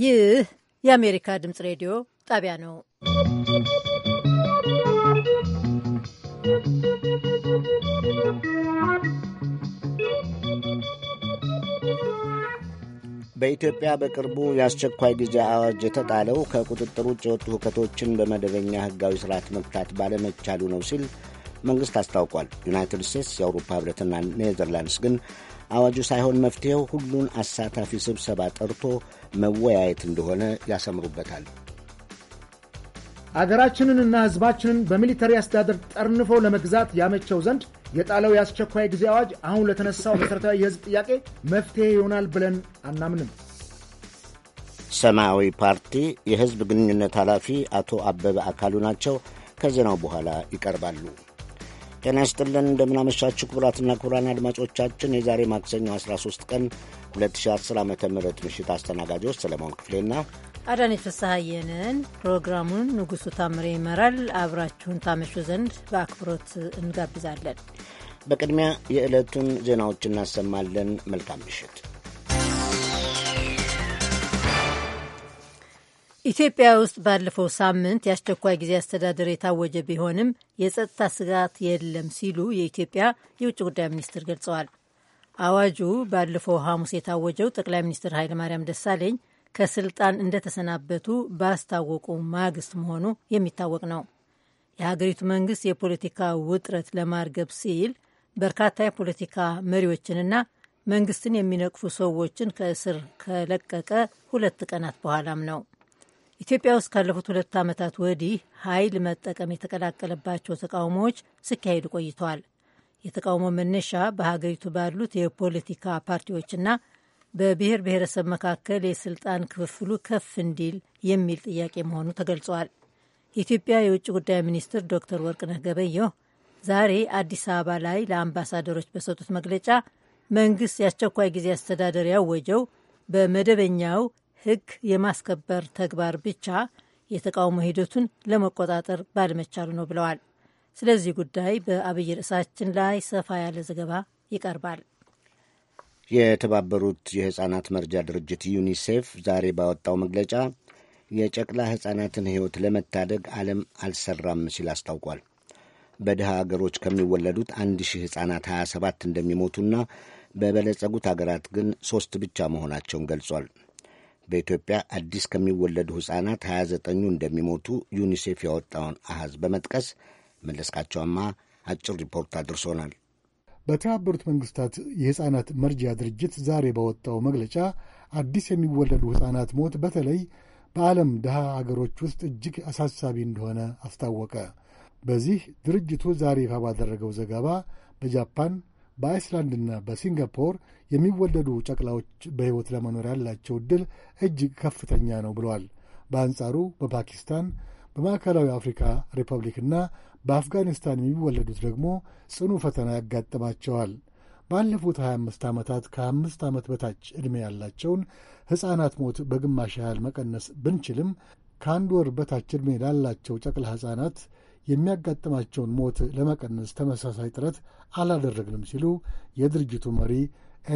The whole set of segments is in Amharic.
ይህ የአሜሪካ ድምፅ ሬዲዮ ጣቢያ ነው። በኢትዮጵያ በቅርቡ የአስቸኳይ ጊዜ አዋጅ የተጣለው ከቁጥጥር ውጭ የወጡ ሁከቶችን በመደበኛ ሕጋዊ ስርዓት መፍታት ባለመቻሉ ነው ሲል መንግሥት አስታውቋል። ዩናይትድ ስቴትስ፣ የአውሮፓ ህብረትና ኔዘርላንድስ ግን አዋጁ ሳይሆን መፍትሄው ሁሉን አሳታፊ ስብሰባ ጠርቶ መወያየት እንደሆነ ያሰምሩበታል። አገራችንንና ሕዝባችንን በሚሊተሪ አስተዳደር ጠርንፎ ለመግዛት ያመቸው ዘንድ የጣለው የአስቸኳይ ጊዜ አዋጅ አሁን ለተነሳው መሠረታዊ የሕዝብ ጥያቄ መፍትሄ ይሆናል ብለን አናምንም። ሰማያዊ ፓርቲ የሕዝብ ግንኙነት ኃላፊ አቶ አበበ አካሉ ናቸው። ከዜናው በኋላ ይቀርባሉ። ጤና ይስጥልን እንደምናመሻችሁ ክቡራትና ክቡራን አድማጮቻችን የዛሬ ማክሰኞ 13 ቀን 2010 ዓ ም ምሽት አስተናጋጆች ሰለሞን ክፍሌና አዳነች ፍስሐየንን ፕሮግራሙን ንጉሱ ታምሬ ይመራል። አብራችሁን ታመሹ ዘንድ በአክብሮት እንጋብዛለን። በቅድሚያ የዕለቱን ዜናዎች እናሰማለን። መልካም ምሽት። ኢትዮጵያ ውስጥ ባለፈው ሳምንት የአስቸኳይ ጊዜ አስተዳደር የታወጀ ቢሆንም የጸጥታ ስጋት የለም ሲሉ የኢትዮጵያ የውጭ ጉዳይ ሚኒስትር ገልጸዋል። አዋጁ ባለፈው ሐሙስ የታወጀው ጠቅላይ ሚኒስትር ኃይለማርያም ደሳለኝ ከስልጣን እንደተሰናበቱ ባስታወቁ ማግስት መሆኑ የሚታወቅ ነው። የሀገሪቱ መንግስት የፖለቲካ ውጥረት ለማርገብ ሲል በርካታ የፖለቲካ መሪዎችንና መንግስትን የሚነቅፉ ሰዎችን ከእስር ከለቀቀ ሁለት ቀናት በኋላም ነው። ኢትዮጵያ ውስጥ ካለፉት ሁለት ዓመታት ወዲህ ኃይል መጠቀም የተቀላቀለባቸው ተቃውሞዎች ሲካሄዱ ቆይተዋል። የተቃውሞ መነሻ በሀገሪቱ ባሉት የፖለቲካ ፓርቲዎችና በብሔር ብሔረሰብ መካከል የስልጣን ክፍፍሉ ከፍ እንዲል የሚል ጥያቄ መሆኑ ተገልጿል። የኢትዮጵያ የውጭ ጉዳይ ሚኒስትር ዶክተር ወርቅነህ ገበየሁ ዛሬ አዲስ አበባ ላይ ለአምባሳደሮች በሰጡት መግለጫ መንግስት የአስቸኳይ ጊዜ አስተዳደር ያወጀው በመደበኛው ህግ የማስከበር ተግባር ብቻ የተቃውሞ ሂደቱን ለመቆጣጠር ባለመቻሉ ነው ብለዋል። ስለዚህ ጉዳይ በአብይ ርዕሳችን ላይ ሰፋ ያለ ዘገባ ይቀርባል። የተባበሩት የሕፃናት መርጃ ድርጅት ዩኒሴፍ ዛሬ ባወጣው መግለጫ የጨቅላ ሕፃናትን ሕይወት ለመታደግ ዓለም አልሰራም ሲል አስታውቋል። በድሃ አገሮች ከሚወለዱት አንድ ሺህ ሕፃናት 27 እንደሚሞቱና በበለጸጉት አገራት ግን ሦስት ብቻ መሆናቸውን ገልጿል። በኢትዮጵያ አዲስ ከሚወለዱ ሕፃናት 29ኙ እንደሚሞቱ ዩኒሴፍ ያወጣውን አሃዝ በመጥቀስ መለስካቸውማ አጭር ሪፖርት አድርሶናል። በተባበሩት መንግስታት የሕፃናት መርጃ ድርጅት ዛሬ ባወጣው መግለጫ አዲስ የሚወለዱ ሕፃናት ሞት በተለይ በዓለም ድሃ አገሮች ውስጥ እጅግ አሳሳቢ እንደሆነ አስታወቀ። በዚህ ድርጅቱ ዛሬ ይፋ ባደረገው ዘገባ በጃፓን በአይስላንድና በሲንጋፖር የሚወለዱ ጨቅላዎች በሕይወት ለመኖር ያላቸው ዕድል እጅግ ከፍተኛ ነው ብለዋል። በአንጻሩ በፓኪስታን፣ በማዕከላዊ አፍሪካ ሪፐብሊክና በአፍጋኒስታን የሚወለዱት ደግሞ ጽኑ ፈተና ያጋጥማቸዋል። ባለፉት 25 ዓመታት ከ ከ5 ዓመት በታች ዕድሜ ያላቸውን ሕፃናት ሞት በግማሽ ያህል መቀነስ ብንችልም ከአንድ ወር በታች ዕድሜ ላላቸው ጨቅላ ሕፃናት የሚያጋጥማቸውን ሞት ለመቀነስ ተመሳሳይ ጥረት አላደረግንም ሲሉ የድርጅቱ መሪ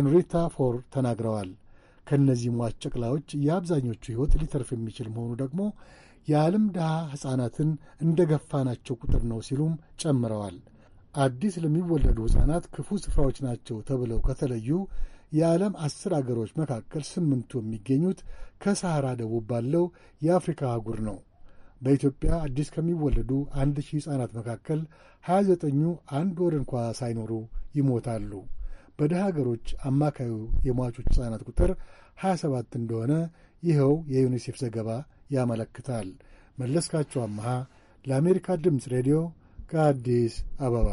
ኤንሪታ ፎር ተናግረዋል። ከእነዚህ ሟች ጨቅላዎች የአብዛኞቹ ሕይወት ሊተርፍ የሚችል መሆኑ ደግሞ የዓለም ድሃ ሕፃናትን እንደ ገፋናቸው ቁጥር ነው ሲሉም ጨምረዋል። አዲስ ለሚወለዱ ሕፃናት ክፉ ስፍራዎች ናቸው ተብለው ከተለዩ የዓለም አስር አገሮች መካከል ስምንቱ የሚገኙት ከሳሐራ ደቡብ ባለው የአፍሪካ አህጉር ነው። በኢትዮጵያ አዲስ ከሚወለዱ አንድ ሺህ ሕፃናት መካከል ሀያ ኙ አንድ ወር እንኳ ሳይኖሩ ይሞታሉ። በደሃ ሀገሮች አማካዩ የሟቾች ሕፃናት ቁጥር 27 እንደሆነ ይኸው የዩኒሴፍ ዘገባ ያመለክታል። መለስካቸው አመሃ ለአሜሪካ ድምፅ ሬዲዮ ከአዲስ አበባ።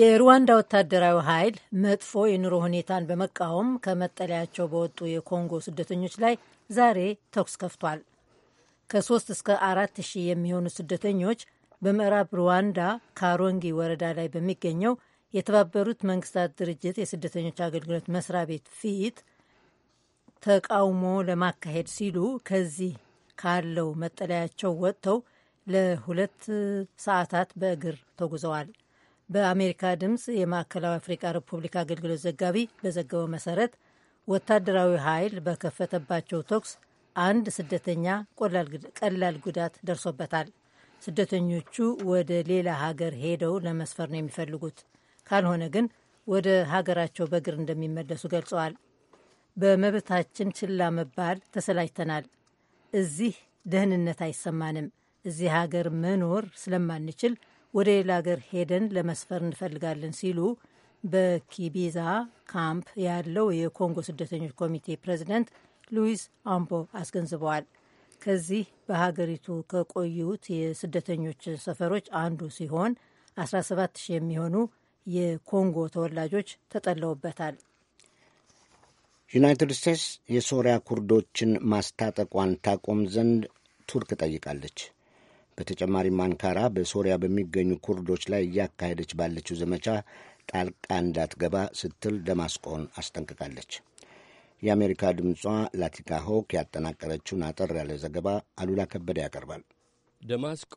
የሩዋንዳ ወታደራዊ ኃይል መጥፎ የኑሮ ሁኔታን በመቃወም ከመጠለያቸው በወጡ የኮንጎ ስደተኞች ላይ ዛሬ ተኩስ ከፍቷል። ከሶስት እስከ አራት ሺህ የሚሆኑ ስደተኞች በምዕራብ ሩዋንዳ ካሮንጊ ወረዳ ላይ በሚገኘው የተባበሩት መንግስታት ድርጅት የስደተኞች አገልግሎት መስሪያ ቤት ፊት ተቃውሞ ለማካሄድ ሲሉ ከዚህ ካለው መጠለያቸው ወጥተው ለሁለት ሰዓታት በእግር ተጉዘዋል። በአሜሪካ ድምፅ የማዕከላዊ አፍሪካ ሪፑብሊክ አገልግሎት ዘጋቢ በዘገበው መሰረት ወታደራዊ ኃይል በከፈተባቸው ተኩስ አንድ ስደተኛ ቀላል ጉዳት ደርሶበታል። ስደተኞቹ ወደ ሌላ ሀገር ሄደው ለመስፈር ነው የሚፈልጉት። ካልሆነ ግን ወደ ሀገራቸው በእግር እንደሚመለሱ ገልጸዋል። በመብታችን ችላ መባል ተሰላጅተናል። እዚህ ደህንነት አይሰማንም። እዚህ ሀገር መኖር ስለማንችል ወደ ሌላ ሀገር ሄደን ለመስፈር እንፈልጋለን ሲሉ በኪቢዛ ካምፕ ያለው የኮንጎ ስደተኞች ኮሚቴ ፕሬዚደንት ሉዊስ አምቦ አስገንዝበዋል። ከዚህ በሀገሪቱ ከቆዩት የስደተኞች ሰፈሮች አንዱ ሲሆን 17 ሺህ የሚሆኑ የኮንጎ ተወላጆች ተጠለውበታል። ዩናይትድ ስቴትስ የሶሪያ ኩርዶችን ማስታጠቋን ታቆም ዘንድ ቱርክ ጠይቃለች። በተጨማሪም አንካራ በሶሪያ በሚገኙ ኩርዶች ላይ እያካሄደች ባለችው ዘመቻ ጣልቃ እንዳትገባ ስትል ደማስቆን አስጠንቅቃለች። የአሜሪካ ድምጿ ላቲካ ሆክ ያጠናቀረችውን አጠር ያለ ዘገባ አሉላ ከበደ ያቀርባል። ደማስቆ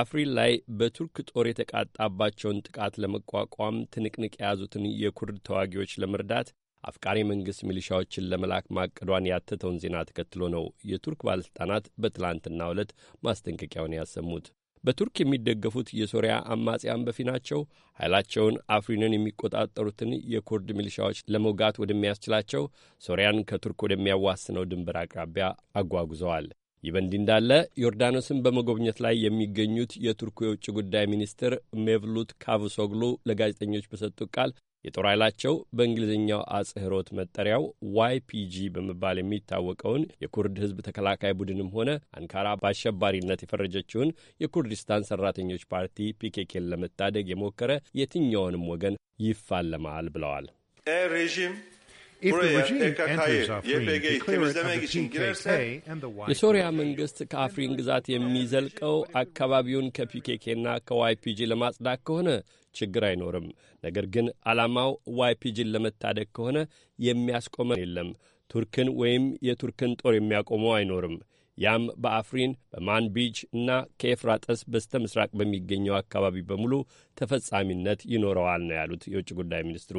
አፍሪል ላይ በቱርክ ጦር የተቃጣባቸውን ጥቃት ለመቋቋም ትንቅንቅ የያዙትን የኩርድ ተዋጊዎች ለመርዳት አፍቃሪ መንግሥት ሚሊሻዎችን ለመላክ ማቀዷን ያተተውን ዜና ተከትሎ ነው የቱርክ ባለሥልጣናት በትላንትና ዕለት ማስጠንቀቂያውን ያሰሙት። በቱርክ የሚደገፉት የሶሪያ አማጽያን በፊናቸው ኃይላቸውን አፍሪንን የሚቆጣጠሩትን የኩርድ ሚሊሻዎች ለመውጋት ወደሚያስችላቸው ሶሪያን ከቱርክ ወደሚያዋስነው ድንበር አቅራቢያ አጓጉዘዋል። ይህ በእንዲህ እንዳለ ዮርዳኖስን በመጎብኘት ላይ የሚገኙት የቱርኩ የውጭ ጉዳይ ሚኒስትር ሜቭሉት ካቭሶግሉ ለጋዜጠኞች በሰጡት ቃል የጦር ኃይላቸው በእንግሊዝኛው አጽህሮት መጠሪያው ዋይፒጂ በመባል የሚታወቀውን የኩርድ ህዝብ ተከላካይ ቡድንም ሆነ አንካራ በአሸባሪነት የፈረጀችውን የኩርዲስታን ሰራተኞች ፓርቲ ፒኬኬን ለመታደግ የሞከረ የትኛውንም ወገን ይፋለማል ብለዋል። የሶሪያ መንግስት ከአፍሪን ግዛት የሚዘልቀው አካባቢውን ከፒኬኬና ከዋይፒጂ ለማጽዳት ከሆነ ችግር አይኖርም። ነገር ግን ዓላማው ዋይፒጂን ለመታደግ ከሆነ የሚያስቆመን የለም። ቱርክን ወይም የቱርክን ጦር የሚያቆመው አይኖርም። ያም በአፍሪን በማንቢጅ እና ከኤፍራጠስ በስተ ምስራቅ በሚገኘው አካባቢ በሙሉ ተፈጻሚነት ይኖረዋል ነው ያሉት የውጭ ጉዳይ ሚኒስትሩ።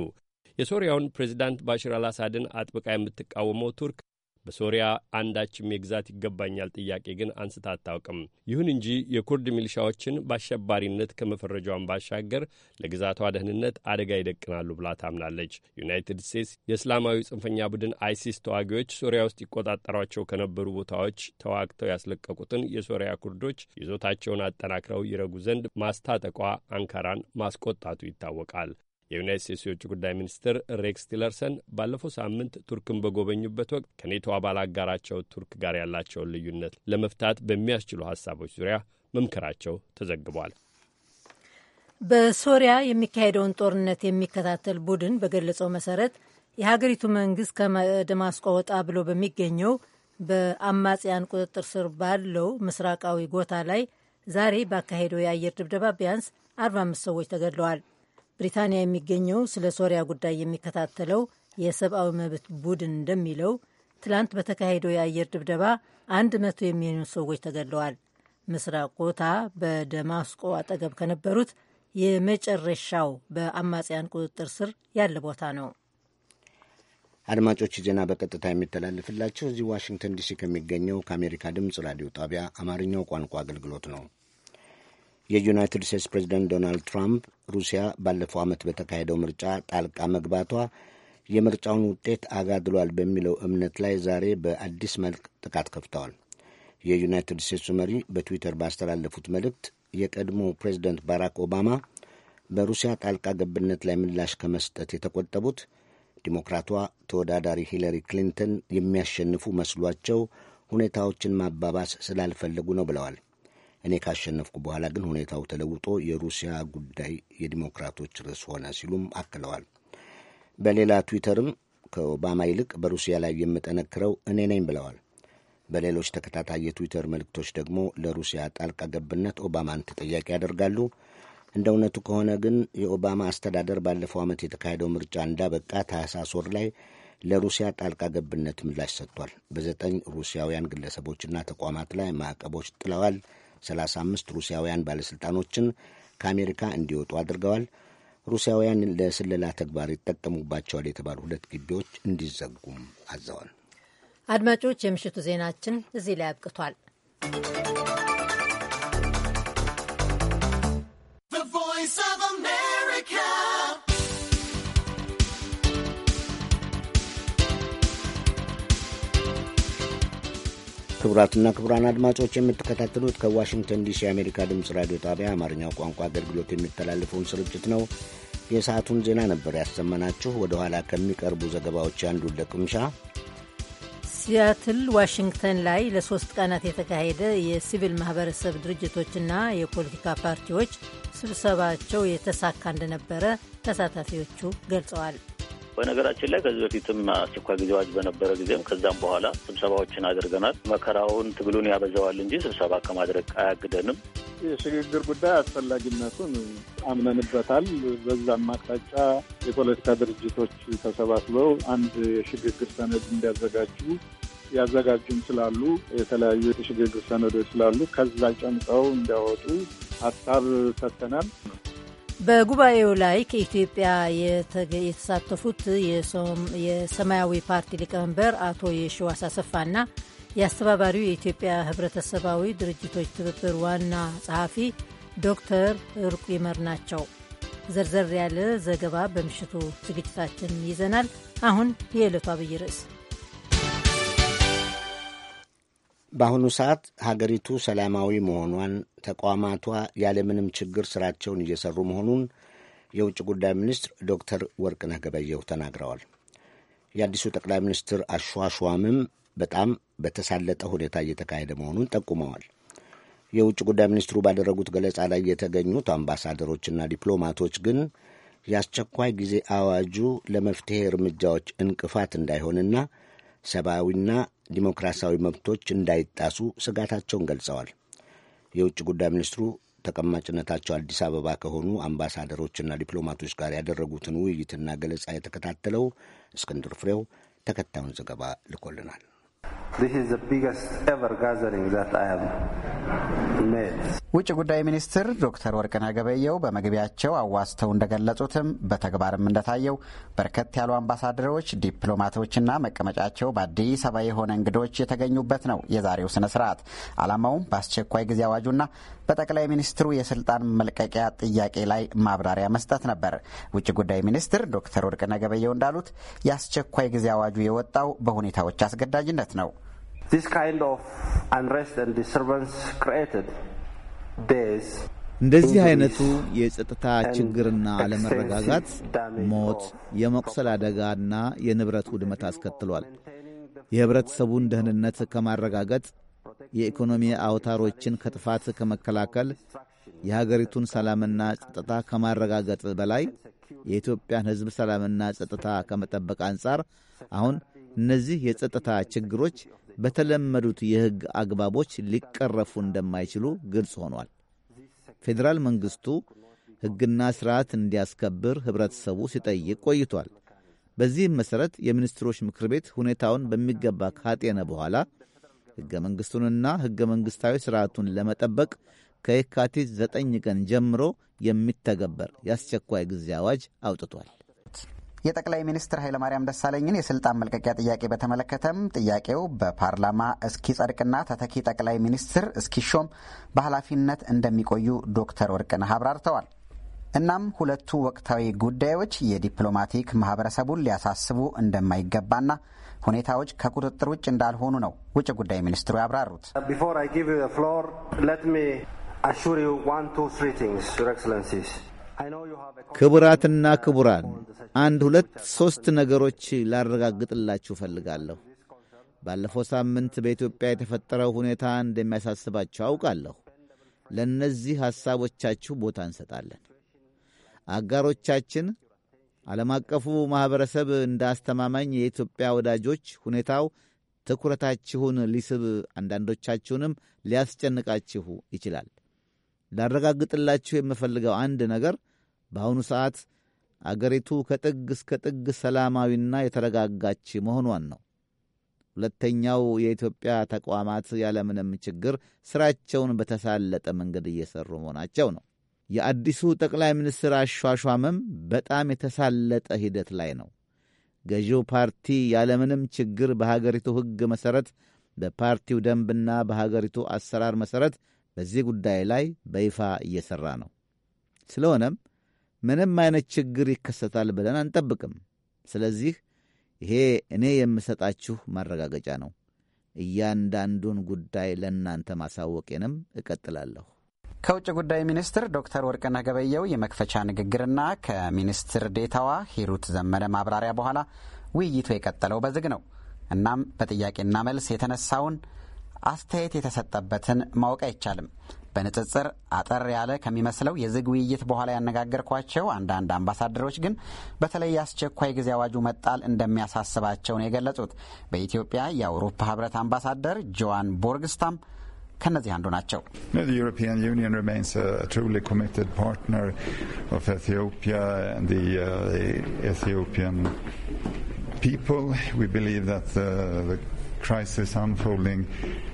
የሶሪያውን ፕሬዚዳንት ባሽር አልአሳድን አጥብቃ የምትቃወመው ቱርክ በሶሪያ አንዳችም የግዛት ይገባኛል ጥያቄ ግን አንስታ አታውቅም። ይሁን እንጂ የኩርድ ሚሊሻዎችን በአሸባሪነት ከመፈረጇን ባሻገር ለግዛቷ ደህንነት አደጋ ይደቅናሉ ብላ ታምናለች። ዩናይትድ ስቴትስ የእስላማዊ ጽንፈኛ ቡድን አይሲስ ተዋጊዎች ሶሪያ ውስጥ ይቆጣጠሯቸው ከነበሩ ቦታዎች ተዋግተው ያስለቀቁትን የሶሪያ ኩርዶች ይዞታቸውን አጠናክረው ይረጉ ዘንድ ማስታጠቋ አንካራን ማስቆጣቱ ይታወቃል። የዩናይት ስቴትስ የውጭ ጉዳይ ሚኒስትር ሬክስ ቲለርሰን ባለፈው ሳምንት ቱርክን በጎበኙበት ወቅት ከኔቶ አባል አጋራቸው ቱርክ ጋር ያላቸውን ልዩነት ለመፍታት በሚያስችሉ ሀሳቦች ዙሪያ መምከራቸው ተዘግቧል። በሶሪያ የሚካሄደውን ጦርነት የሚከታተል ቡድን በገለጸው መሰረት የሀገሪቱ መንግስት ከደማስቆ ወጣ ብሎ በሚገኘው በአማጽያን ቁጥጥር ስር ባለው ምስራቃዊ ጎታ ላይ ዛሬ ባካሄደው የአየር ድብደባ ቢያንስ 45 ሰዎች ተገድለዋል። ብሪታንያ የሚገኘው ስለ ሶሪያ ጉዳይ የሚከታተለው የሰብአዊ መብት ቡድን እንደሚለው ትላንት በተካሄደው የአየር ድብደባ አንድ መቶ የሚሆኑ ሰዎች ተገድለዋል። ምስራቅ ቆታ በደማስቆ አጠገብ ከነበሩት የመጨረሻው በአማጽያን ቁጥጥር ስር ያለ ቦታ ነው። አድማጮች ዜና በቀጥታ የሚተላለፍላቸው እዚህ ዋሽንግተን ዲሲ ከሚገኘው ከአሜሪካ ድምፅ ራዲዮ ጣቢያ አማርኛው ቋንቋ አገልግሎት ነው። የዩናይትድ ስቴትስ ፕሬዚደንት ዶናልድ ትራምፕ ሩሲያ ባለፈው ዓመት በተካሄደው ምርጫ ጣልቃ መግባቷ የምርጫውን ውጤት አጋድሏል በሚለው እምነት ላይ ዛሬ በአዲስ መልክ ጥቃት ከፍተዋል። የዩናይትድ ስቴትሱ መሪ በትዊተር ባስተላለፉት መልእክት የቀድሞ ፕሬዚደንት ባራክ ኦባማ በሩሲያ ጣልቃ ገብነት ላይ ምላሽ ከመስጠት የተቆጠቡት ዲሞክራቷ ተወዳዳሪ ሂለሪ ክሊንተን የሚያሸንፉ መስሏቸው ሁኔታዎችን ማባባስ ስላልፈለጉ ነው ብለዋል። እኔ ካሸነፍኩ በኋላ ግን ሁኔታው ተለውጦ የሩሲያ ጉዳይ የዲሞክራቶች ርዕስ ሆነ ሲሉም አክለዋል። በሌላ ትዊተርም ከኦባማ ይልቅ በሩሲያ ላይ የምጠነክረው እኔ ነኝ ብለዋል። በሌሎች ተከታታይ የትዊተር መልእክቶች ደግሞ ለሩሲያ ጣልቃ ገብነት ኦባማን ተጠያቂ ያደርጋሉ። እንደ እውነቱ ከሆነ ግን የኦባማ አስተዳደር ባለፈው ዓመት የተካሄደው ምርጫ እንዳበቃ ታህሳስ ወር ላይ ለሩሲያ ጣልቃ ገብነት ምላሽ ሰጥቷል። በዘጠኝ ሩሲያውያን ግለሰቦችና ተቋማት ላይ ማዕቀቦች ጥለዋል። 35 ሩሲያውያን ባለሥልጣኖችን ከአሜሪካ እንዲወጡ አድርገዋል። ሩሲያውያን ለስለላ ተግባር ይጠቀሙባቸዋል የተባሉ ሁለት ግቢዎች እንዲዘጉም አዘዋል። አድማጮች፣ የምሽቱ ዜናችን እዚህ ላይ አብቅቷል። ክቡራትና ክቡራን አድማጮች የምትከታተሉት ከዋሽንግተን ዲሲ የአሜሪካ ድምፅ ራዲዮ ጣቢያ አማርኛው ቋንቋ አገልግሎት የሚተላለፈውን ስርጭት ነው። የሰዓቱን ዜና ነበር ያሰመናችሁ። ወደ ኋላ ከሚቀርቡ ዘገባዎች አንዱ ለቅምሻ ሲያትል ዋሽንግተን ላይ ለሶስት ቀናት የተካሄደ የሲቪል ማህበረሰብ ድርጅቶችና የፖለቲካ ፓርቲዎች ስብሰባቸው የተሳካ እንደነበረ ተሳታፊዎቹ ገልጸዋል። በነገራችን ላይ ከዚህ በፊትም አስቸኳይ ጊዜ አዋጅ በነበረ ጊዜም ከዛም በኋላ ስብሰባዎችን አድርገናል። መከራውን ትግሉን ያበዛዋል እንጂ ስብሰባ ከማድረግ አያግደንም። የሽግግር ጉዳይ አስፈላጊነቱን አምነንበታል። በዛም አቅጣጫ የፖለቲካ ድርጅቶች ተሰባስበው አንድ የሽግግር ሰነድ እንዲያዘጋጁ ያዘጋጁም ስላሉ የተለያዩ የሽግግር ሰነዶች ስላሉ ከዛ ጨምጠው እንዲያወጡ ሀሳብ ሰጥተናል። በጉባኤው ላይ ከኢትዮጵያ የተሳተፉት የሰማያዊ ፓርቲ ሊቀመንበር አቶ ሰፋ አሰፋና የአስተባባሪው የኢትዮጵያ ህብረተሰባዊ ድርጅቶች ትብብር ዋና ጸሐፊ ዶክተር እርቁ ይመር ናቸው። ዘርዘር ያለ ዘገባ በምሽቱ ዝግጅታችን ይዘናል። አሁን የዕለቱ አብይ ርዕስ በአሁኑ ሰዓት ሀገሪቱ ሰላማዊ መሆኗን ተቋማቷ ያለምንም ችግር ስራቸውን እየሰሩ መሆኑን የውጭ ጉዳይ ሚኒስትር ዶክተር ወርቅነህ ገበየሁ ተናግረዋል። የአዲሱ ጠቅላይ ሚኒስትር አሸዋሸዋምም በጣም በተሳለጠ ሁኔታ እየተካሄደ መሆኑን ጠቁመዋል። የውጭ ጉዳይ ሚኒስትሩ ባደረጉት ገለጻ ላይ የተገኙት አምባሳደሮችና ዲፕሎማቶች ግን የአስቸኳይ ጊዜ አዋጁ ለመፍትሄ እርምጃዎች እንቅፋት እንዳይሆንና ሰብአዊና ዲሞክራሲያዊ መብቶች እንዳይጣሱ ስጋታቸውን ገልጸዋል። የውጭ ጉዳይ ሚኒስትሩ ተቀማጭነታቸው አዲስ አበባ ከሆኑ አምባሳደሮችና ዲፕሎማቶች ጋር ያደረጉትን ውይይትና ገለጻ የተከታተለው እስክንድር ፍሬው ተከታዩን ዘገባ ልኮልናል። ውጭ ጉዳይ ሚኒስትር ዶክተር ወርቅነህ ገበየሁ በመግቢያቸው አዋስተው እንደገለጹትም በተግባርም እንደታየው በርከት ያሉ አምባሳደሮች፣ ዲፕሎማቶችና መቀመጫቸው በአዲስ አበባ የሆነ እንግዶች የተገኙበት ነው የዛሬው ስነ ስርዓት። ዓላማውም በአስቸኳይ ጊዜ አዋጁና በጠቅላይ ሚኒስትሩ የስልጣን መልቀቂያ ጥያቄ ላይ ማብራሪያ መስጠት ነበር። ውጭ ጉዳይ ሚኒስትር ዶክተር ወርቅነህ ገበየሁ እንዳሉት የአስቸኳይ ጊዜ አዋጁ የወጣው በሁኔታዎች አስገዳጅነት ነው። This kind of unrest and disturbance created እንደዚህ አይነቱ የጸጥታ ችግርና አለመረጋጋት ሞት፣ የመቁሰል አደጋና የንብረት ውድመት አስከትሏል። የህብረተሰቡን ደህንነት ከማረጋገጥ የኢኮኖሚ አውታሮችን ከጥፋት ከመከላከል የሀገሪቱን ሰላምና ጸጥታ ከማረጋገጥ በላይ የኢትዮጵያን ሕዝብ ሰላምና ጸጥታ ከመጠበቅ አንጻር አሁን እነዚህ የጸጥታ ችግሮች በተለመዱት የሕግ አግባቦች ሊቀረፉ እንደማይችሉ ግልጽ ሆኗል። ፌዴራል መንግሥቱ ሕግና ሥርዓት እንዲያስከብር ኅብረተሰቡ ሲጠይቅ ቆይቷል። በዚህም መሠረት የሚኒስትሮች ምክር ቤት ሁኔታውን በሚገባ ካጤነ በኋላ ሕገ መንግሥቱንና ሕገ መንግሥታዊ ሥርዓቱን ለመጠበቅ ከየካቲት ዘጠኝ ቀን ጀምሮ የሚተገበር የአስቸኳይ ጊዜ አዋጅ አውጥቷል። የጠቅላይ ሚኒስትር ኃይለማርያም ደሳለኝን የስልጣን መልቀቂያ ጥያቄ በተመለከተም ጥያቄው በፓርላማ እስኪጸድቅና ተተኪ ጠቅላይ ሚኒስትር እስኪሾም በኃላፊነት እንደሚቆዩ ዶክተር ወርቅነህ አብራርተዋል። እናም ሁለቱ ወቅታዊ ጉዳዮች የዲፕሎማቲክ ማህበረሰቡን ሊያሳስቡ እንደማይገባና ሁኔታዎች ከቁጥጥር ውጭ እንዳልሆኑ ነው ውጭ ጉዳይ ሚኒስትሩ ያብራሩት። ቢፎር አይ ጊቭ ዩ ፍሎር ሌት ሚ አሹር ዩ ዋን ቱ ትሪ ቲንግስ ዩር ኤክሰለንሲስ ክቡራትና ክቡራን አንድ ሁለት ሦስት ነገሮች ላረጋግጥላችሁ እፈልጋለሁ። ባለፈው ሳምንት በኢትዮጵያ የተፈጠረው ሁኔታ እንደሚያሳስባችሁ አውቃለሁ። ለእነዚህ ሐሳቦቻችሁ ቦታ እንሰጣለን። አጋሮቻችን፣ ዓለም አቀፉ ማኅበረሰብ እንደ አስተማማኝ የኢትዮጵያ ወዳጆች ሁኔታው ትኩረታችሁን ሊስብ አንዳንዶቻችሁንም ሊያስጨንቃችሁ ይችላል። ላረጋግጥላችሁ የምፈልገው አንድ ነገር በአሁኑ ሰዓት አገሪቱ ከጥግ እስከ ጥግ ሰላማዊና የተረጋጋች መሆኗን ነው። ሁለተኛው የኢትዮጵያ ተቋማት ያለምንም ችግር ሥራቸውን በተሳለጠ መንገድ እየሠሩ መሆናቸው ነው። የአዲሱ ጠቅላይ ሚኒስትር አሿሿምም በጣም የተሳለጠ ሂደት ላይ ነው። ገዢው ፓርቲ ያለምንም ችግር በሀገሪቱ ሕግ መሠረት፣ በፓርቲው ደንብና በሀገሪቱ አሰራር መሠረት በዚህ ጉዳይ ላይ በይፋ እየሠራ ነው። ስለሆነም ምንም አይነት ችግር ይከሰታል ብለን አንጠብቅም። ስለዚህ ይሄ እኔ የምሰጣችሁ ማረጋገጫ ነው። እያንዳንዱን ጉዳይ ለእናንተ ማሳወቄንም እቀጥላለሁ። ከውጭ ጉዳይ ሚኒስትር ዶክተር ወርቅነህ ገበየው የመክፈቻ ንግግርና ከሚኒስትር ዴታዋ ሂሩት ዘመነ ማብራሪያ በኋላ ውይይቱ የቀጠለው በዝግ ነው። እናም በጥያቄና መልስ የተነሳውን አስተያየት የተሰጠበትን ማወቅ አይቻልም። በንጽጽር አጠር ያለ ከሚመስለው የዝግ ውይይት በኋላ ያነጋገርኳቸው አንዳንድ አምባሳደሮች ግን በተለይ የአስቸኳይ ጊዜ አዋጁ መጣል እንደሚያሳስባቸው ነው የገለጹት። በኢትዮጵያ የአውሮፓ ሕብረት አምባሳደር ጆዋን ቦርግስታም ከነዚህ አንዱ ናቸው። ዩሮፒያን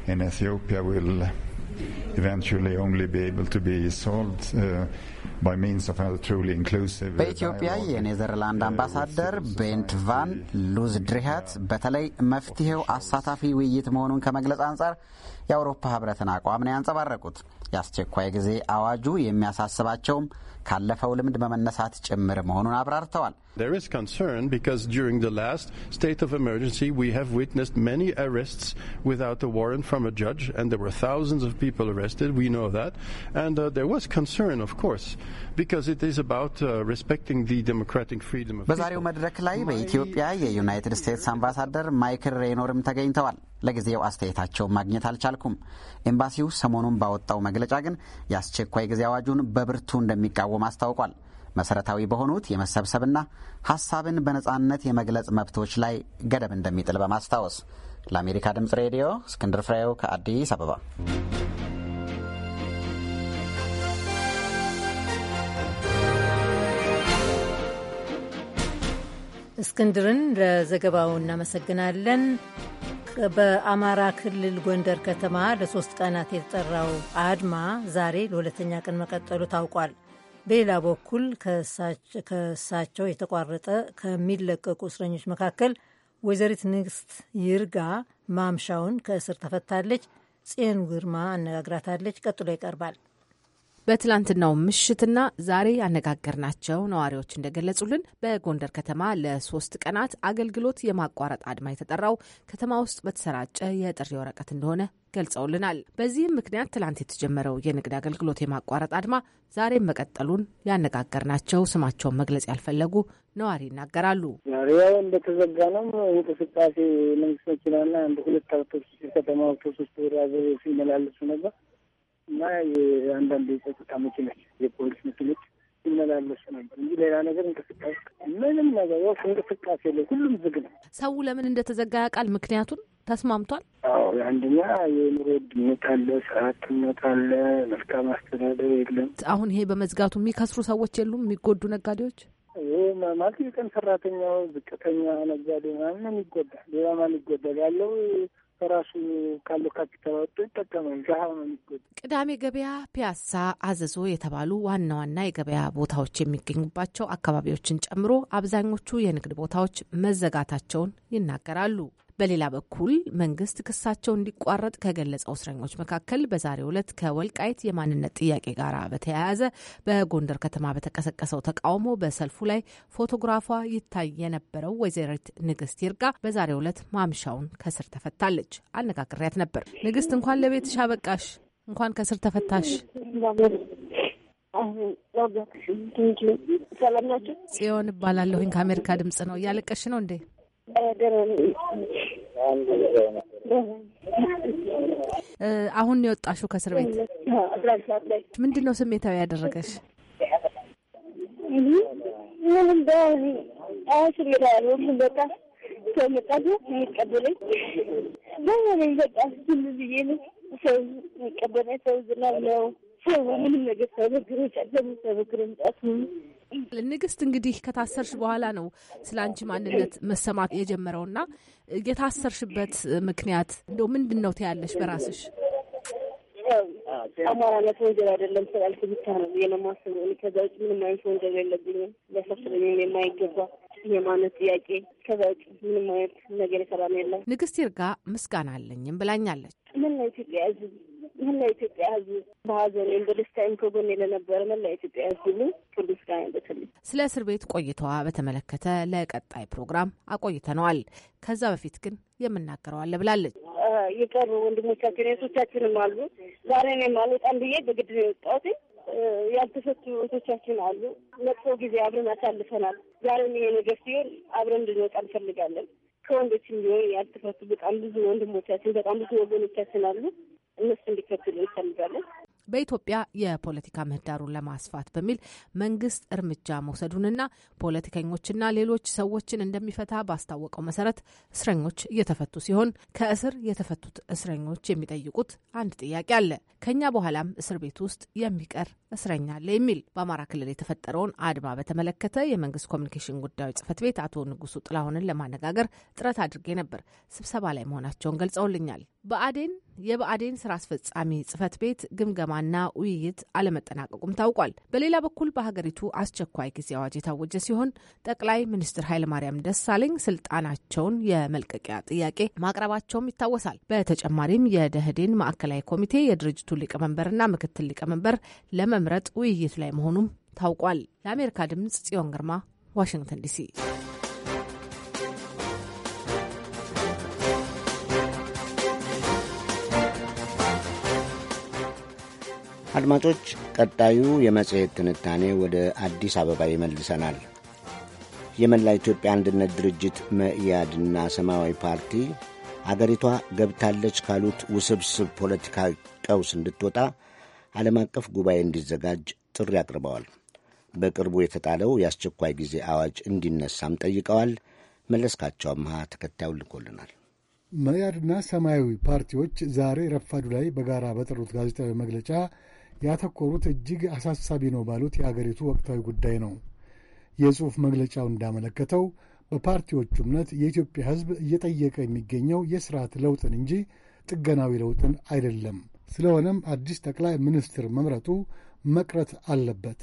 in Ethiopia will በኢትዮጵያ የኔዘርላንድ አምባሳደር ቤንት ቫን ሉዝድሪኸት በተለይ መፍትሄው አሳታፊ ውይይት መሆኑን ከመግለጽ አንጻር የአውሮፓ ህብረትን አቋም ነው ያንጸባረቁት። የአስቸኳይ ጊዜ አዋጁ የሚያሳስባቸውም ካለፈው ልምድ በመነሳት ጭምር መሆኑን አብራርተዋል። There is concern because during the last state of emergency, we have witnessed many arrests without a warrant from a judge, and there were thousands of people arrested. We know that. And uh, there was concern, of course, because it is about uh, respecting the democratic freedom of በዛሬው መድረክ ላይ በኢትዮጵያ የዩናይትድ ስቴትስ አምባሳደር ማይክል ተገኝተዋል። ለጊዜው አስተያየታቸውን ማግኘት አልቻልኩም። ኤምባሲው ሰሞኑን ባወጣው መግለጫ ግን የአስቸኳይ ጊዜ አዋጁን በብርቱ እንደሚቃወም አስታውቋል። መሰረታዊ በሆኑት የመሰብሰብና ሀሳብን በነጻነት የመግለጽ መብቶች ላይ ገደብ እንደሚጥል በማስታወስ ለአሜሪካ ድምፅ ሬዲዮ እስክንድር ፍሬው ከአዲስ አበባ። እስክንድርን ለዘገባው እናመሰግናለን። በአማራ ክልል ጎንደር ከተማ ለሶስት ቀናት የተጠራው አድማ ዛሬ ለሁለተኛ ቀን መቀጠሉ ታውቋል። በሌላ በኩል ከሳቸው የተቋረጠ ከሚለቀቁ እስረኞች መካከል ወይዘሪት ንግስት ይርጋ ማምሻውን ከእስር ተፈታለች። ጽዮን ግርማ አነጋግራታለች። ቀጥሎ ይቀርባል። በትላንትናው ምሽትና ዛሬ ያነጋገርናቸው ነዋሪዎች እንደገለጹልን በጎንደር ከተማ ለሶስት ቀናት አገልግሎት የማቋረጥ አድማ የተጠራው ከተማ ውስጥ በተሰራጨ የጥሪ ወረቀት እንደሆነ ገልጸውልናል። በዚህም ምክንያት ትላንት የተጀመረው የንግድ አገልግሎት የማቋረጥ አድማ ዛሬም መቀጠሉን ያነጋገርናቸው ስማቸውን መግለጽ ያልፈለጉ ነዋሪ ይናገራሉ። ያው እንደተዘጋ ነው እንቅስቃሴ መንግስት መኪናና አንድ ሁለት አውቶቡስ ከተማ አውቶቡስ ውስጥ ሲመላለሱ ነበር እና የአንዳንድ የጸጥታ መኪኖች የፖሊስ መኪኖች ይመላለሱ ነበር እንጂ ሌላ ነገር እንቅስቃሴ ምንም ነገር ወቅት እንቅስቃሴ የለ፣ ሁሉም ዝግ ነው። ሰው ለምን እንደተዘጋ ያውቃል? ምክንያቱን ተስማምቷል። አዎ አንደኛ የኑሮ ውድነት አለ፣ ሰዓትነት አለ፣ መልካም አስተዳደር የለም። አሁን ይሄ በመዝጋቱ የሚከስሩ ሰዎች የሉም? የሚጎዱ ነጋዴዎች ማለት የቀን ሰራተኛው፣ ዝቅተኛ ነጋዴ ማንም ይጎዳል። ሌላ ማን ይጎዳል? ያለው በራሱ ካለ ካፒታል ይጠቀማል። ድሀ ነው የሚጎዳ። ቅዳሜ ገበያ፣ ፒያሳ፣ አዘዞ የተባሉ ዋና ዋና የገበያ ቦታዎች የሚገኙባቸው አካባቢዎችን ጨምሮ አብዛኞቹ የንግድ ቦታዎች መዘጋታቸውን ይናገራሉ። በሌላ በኩል መንግስት ክሳቸው እንዲቋረጥ ከገለጸው እስረኞች መካከል በዛሬው ዕለት ከወልቃይት የማንነት ጥያቄ ጋር በተያያዘ በጎንደር ከተማ በተቀሰቀሰው ተቃውሞ በሰልፉ ላይ ፎቶግራፏ ይታይ የነበረው ወይዘሪት ንግስት ይርጋ በዛሬው ዕለት ማምሻውን ከስር ተፈታለች። አነጋግሬያት ነበር። ንግስት እንኳን ለቤትሽ አበቃሽ፣ እንኳን ከስር ተፈታሽ። ጽዮን እባላለሁኝ ከአሜሪካ ድምጽ ነው። እያለቀሽ ነው እንዴ? አሁን የወጣሹ ከእስር ቤት ምንድን ነው ስሜታዊ ያደረገሽ? ምንም ስሜታ በቃ ሰው መጣት በቃ ብዬ ነው ሰው የሚቀበለኝ ሰው ዝናብ ነው ሰው ምንም ነገር ሳይበግረው ጨለሙ ሳይበግረው ምጣት ንግስት እንግዲህ ከታሰርሽ በኋላ ነው ስለ አንቺ ማንነት መሰማት የጀመረው የጀመረውና የታሰርሽበት ምክንያት እንደ ምንድን ነው ትያለሽ? በራስሽ አማራነት ወንጀል አይደለም ስላልክ ብቻ ነው የማስበው። ከዛ ውጭ ምንም አይነት ወንጀል የለብኝም። ሊያሳስበኝም የማይገባ የማነት ጥያቄ ከዛ ውጭ ምንም አይነት ነገር የሰራ ነው የለም። ንግስት ይርጋ ምስጋና አለኝም ብላኛለች። መላ ኢትዮጵያ ሕዝብ መላ ኢትዮጵያ ህዝብ ሕዝብ በሀዘኔም በደስታዬም ከጎኔ ለነበረ መላ ኢትዮጵያ ህዝብ ሁሉ ምስጋና በትል ስለ እስር ቤት ቆይታዋ በተመለከተ ለቀጣይ ፕሮግራም አቆይተነዋል። ከዛ በፊት ግን የምናገረዋለ ብላለች። የቀሩ ወንድሞቻችን እህቶቻችንም አሉ። ዛሬ እኔም አልወጣም ብዬ በግድ ነው የወጣሁት። ያልተሰቱ እህቶቻችን አሉ። መጥፎ ጊዜ አብረን አሳልፈናል። ዛሬም ይሄ ነገር ሲሆን አብረን እንድንወጣ እንፈልጋለን። ከወንዶችም ቢሆን ያልተፈቱ በጣም ብዙ ወንድሞቻችን፣ በጣም ብዙ ወገኖቻችን አሉ። እነሱ እንዲከትሉ እንፈልጋለን። በኢትዮጵያ የፖለቲካ ምህዳሩን ለማስፋት በሚል መንግስት እርምጃ መውሰዱንና ፖለቲከኞችና ሌሎች ሰዎችን እንደሚፈታ ባስታወቀው መሰረት እስረኞች እየተፈቱ ሲሆን ከእስር የተፈቱት እስረኞች የሚጠይቁት አንድ ጥያቄ አለ። ከኛ በኋላም እስር ቤት ውስጥ የሚቀር እስረኛ አለ የሚል በአማራ ክልል የተፈጠረውን አድማ በተመለከተ የመንግስት ኮሚኒኬሽን ጉዳዮች ጽህፈት ቤት አቶ ንጉሱ ጥላሁንን ለማነጋገር ጥረት አድርጌ ነበር። ስብሰባ ላይ መሆናቸውን ገልጸውልኛል። በአዴን የበአዴን ስራ አስፈጻሚ ጽህፈት ቤት ግምገማና ውይይት አለመጠናቀቁም ታውቋል። በሌላ በኩል በሀገሪቱ አስቸኳይ ጊዜ አዋጅ የታወጀ ሲሆን ጠቅላይ ሚኒስትር ኃይለማርያም ደሳለኝ ስልጣናቸውን የመልቀቂያ ጥያቄ ማቅረባቸውም ይታወሳል። በተጨማሪም የደህዴን ማዕከላዊ ኮሚቴ የድርጅቱን ሊቀመንበርና ምክትል ሊቀመንበር ለመምረጥ ውይይት ላይ መሆኑም ታውቋል። ለአሜሪካ ድምጽ ጽዮን ግርማ ዋሽንግተን ዲሲ አድማጮች፣ ቀጣዩ የመጽሔት ትንታኔ ወደ አዲስ አበባ ይመልሰናል። የመላ ኢትዮጵያ አንድነት ድርጅት መኢአድና ሰማያዊ ፓርቲ አገሪቷ ገብታለች ካሉት ውስብስብ ፖለቲካዊ ቀውስ እንድትወጣ ዓለም አቀፍ ጉባኤ እንዲዘጋጅ ጥሪ አቅርበዋል። በቅርቡ የተጣለው የአስቸኳይ ጊዜ አዋጅ እንዲነሳም ጠይቀዋል። መለስካቸው አምሃ ተከታዩ ልኮልናል። መያድና ሰማያዊ ፓርቲዎች ዛሬ ረፋዱ ላይ በጋራ በጠሩት ጋዜጣዊ መግለጫ ያተኮሩት እጅግ አሳሳቢ ነው ባሉት የአገሪቱ ወቅታዊ ጉዳይ ነው። የጽሑፍ መግለጫው እንዳመለከተው በፓርቲዎቹ እምነት የኢትዮጵያ ሕዝብ እየጠየቀ የሚገኘው የስርዓት ለውጥን እንጂ ጥገናዊ ለውጥን አይደለም። ስለሆነም አዲስ ጠቅላይ ሚኒስትር መምረጡ መቅረት አለበት።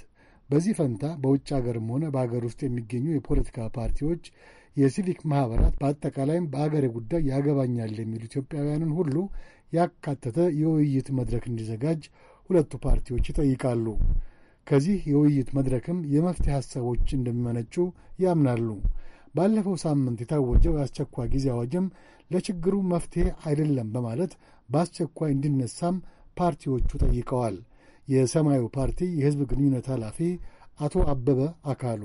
በዚህ ፈንታ በውጭ አገርም ሆነ በአገር ውስጥ የሚገኙ የፖለቲካ ፓርቲዎች፣ የሲቪክ ማኅበራት፣ በአጠቃላይም በአገሬ ጉዳይ ያገባኛል የሚሉ ኢትዮጵያውያንን ሁሉ ያካተተ የውይይት መድረክ እንዲዘጋጅ ሁለቱ ፓርቲዎች ይጠይቃሉ። ከዚህ የውይይት መድረክም የመፍትሄ ሐሳቦች እንደሚመነጩ ያምናሉ። ባለፈው ሳምንት የታወጀው የአስቸኳይ ጊዜ አዋጅም ለችግሩ መፍትሄ አይደለም በማለት በአስቸኳይ እንዲነሳም ፓርቲዎቹ ጠይቀዋል። የሰማዩ ፓርቲ የሕዝብ ግንኙነት ኃላፊ አቶ አበበ አካሉ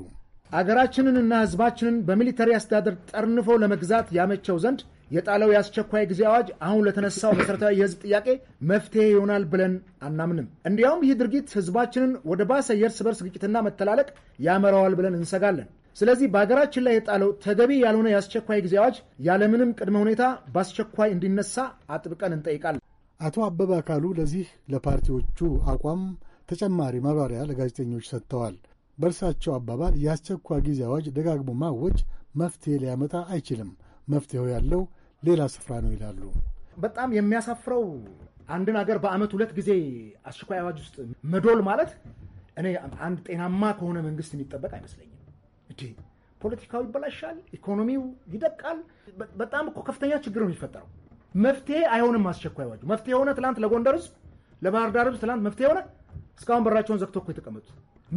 አገራችንንና ሕዝባችንን በሚሊተሪ አስተዳደር ጠርንፎ ለመግዛት ያመቸው ዘንድ የጣለው የአስቸኳይ ጊዜ አዋጅ አሁን ለተነሳው መሠረታዊ የህዝብ ጥያቄ መፍትሄ ይሆናል ብለን አናምንም። እንዲያውም ይህ ድርጊት ህዝባችንን ወደ ባሰ የእርስ በርስ ግጭትና መተላለቅ ያመራዋል ብለን እንሰጋለን። ስለዚህ በሀገራችን ላይ የጣለው ተገቢ ያልሆነ የአስቸኳይ ጊዜ አዋጅ ያለምንም ቅድመ ሁኔታ በአስቸኳይ እንዲነሳ አጥብቀን እንጠይቃለን። አቶ አበበ አካሉ ለዚህ ለፓርቲዎቹ አቋም ተጨማሪ ማብራሪያ ለጋዜጠኞች ሰጥተዋል። በእርሳቸው አባባል የአስቸኳይ ጊዜ አዋጅ ደጋግሞ ማወጅ መፍትሄ ሊያመጣ አይችልም። መፍትሄው ያለው ሌላ ስፍራ ነው ይላሉ። በጣም የሚያሳፍረው አንድን ሀገር በአመት ሁለት ጊዜ አስቸኳይ አዋጅ ውስጥ መዶል ማለት እኔ አንድ ጤናማ ከሆነ መንግስት የሚጠበቅ አይመስለኝም። እ ፖለቲካው ይበላሻል፣ ኢኮኖሚው ይደቃል። በጣም እኮ ከፍተኛ ችግር ነው የሚፈጠረው። መፍትሄ አይሆንም። አስቸኳይ አዋጁ መፍትሄ የሆነ ትላንት ለጎንደር ህዝብ፣ ለባህር ዳር ህዝብ ትላንት መፍትሄ የሆነ እስካሁን በራቸውን ዘግቶ እኮ የተቀመጡት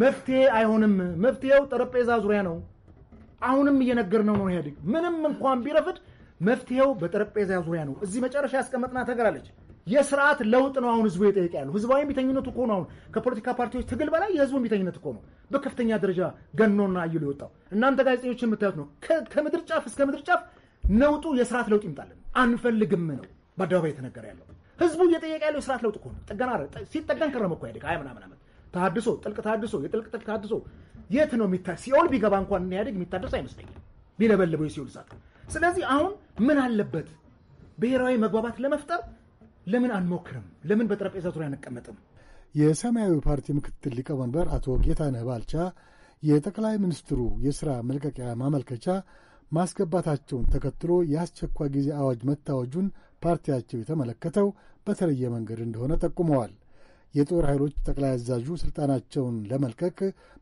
መፍትሄ አይሆንም። መፍትሄው ጠረጴዛ ዙሪያ ነው። አሁንም እየነገርነው ነው ኢህአዴግ ምንም እንኳን ቢረፍድ መፍትሄው በጠረጴዛ ዙሪያ ነው። እዚህ መጨረሻ ያስቀመጥና ተገራለች የስርዓት ለውጥ ነው አሁን ህዝቡ የጠየቀ ያለው። ህዝባዊ ቢተኝነቱ እኮ ነው አሁን ከፖለቲካ ፓርቲዎች ትግል በላይ የህዝቡ ቢተኝነት እኮ ነው በከፍተኛ ደረጃ ገኖና አይሎ የወጣው። እናንተ ጋዜጠኞች የምታዩት ነው። ከምድር ጫፍ እስከ ምድር ጫፍ ነውጡ የስርዓት ለውጥ ይምጣልን አንፈልግም ነው በአደባባይ የተነገረ ያለው። ህዝቡ እየጠየቀ ያለው የስርዓት ለውጥ እኮ ነው። ጥገና ሲጠገን ከረመ እኮ ያደግ ሀያ ምናምን ዓመት ተሃድሶ፣ ጥልቅ ተሃድሶ፣ የጥልቅ ጥልቅ ተሃድሶ የት ነው ሲኦል ቢገባ እንኳን ኢህአዴግ የሚታደስ አይመስለኝም ቢለበልበው የሲኦል እሳት ስለዚህ አሁን ምን አለበት ብሔራዊ መግባባት ለመፍጠር ለምን አንሞክርም? ለምን በጠረጴዛ ዙሪያ አንቀመጥም? የሰማያዊ ፓርቲ ምክትል ሊቀመንበር አቶ ጌታነህ ባልቻ የጠቅላይ ሚኒስትሩ የሥራ መልቀቂያ ማመልከቻ ማስገባታቸውን ተከትሎ የአስቸኳይ ጊዜ አዋጅ መታወጁን ፓርቲያቸው የተመለከተው በተለየ መንገድ እንደሆነ ጠቁመዋል። የጦር ኃይሎች ጠቅላይ አዛዡ ሥልጣናቸውን ለመልቀቅ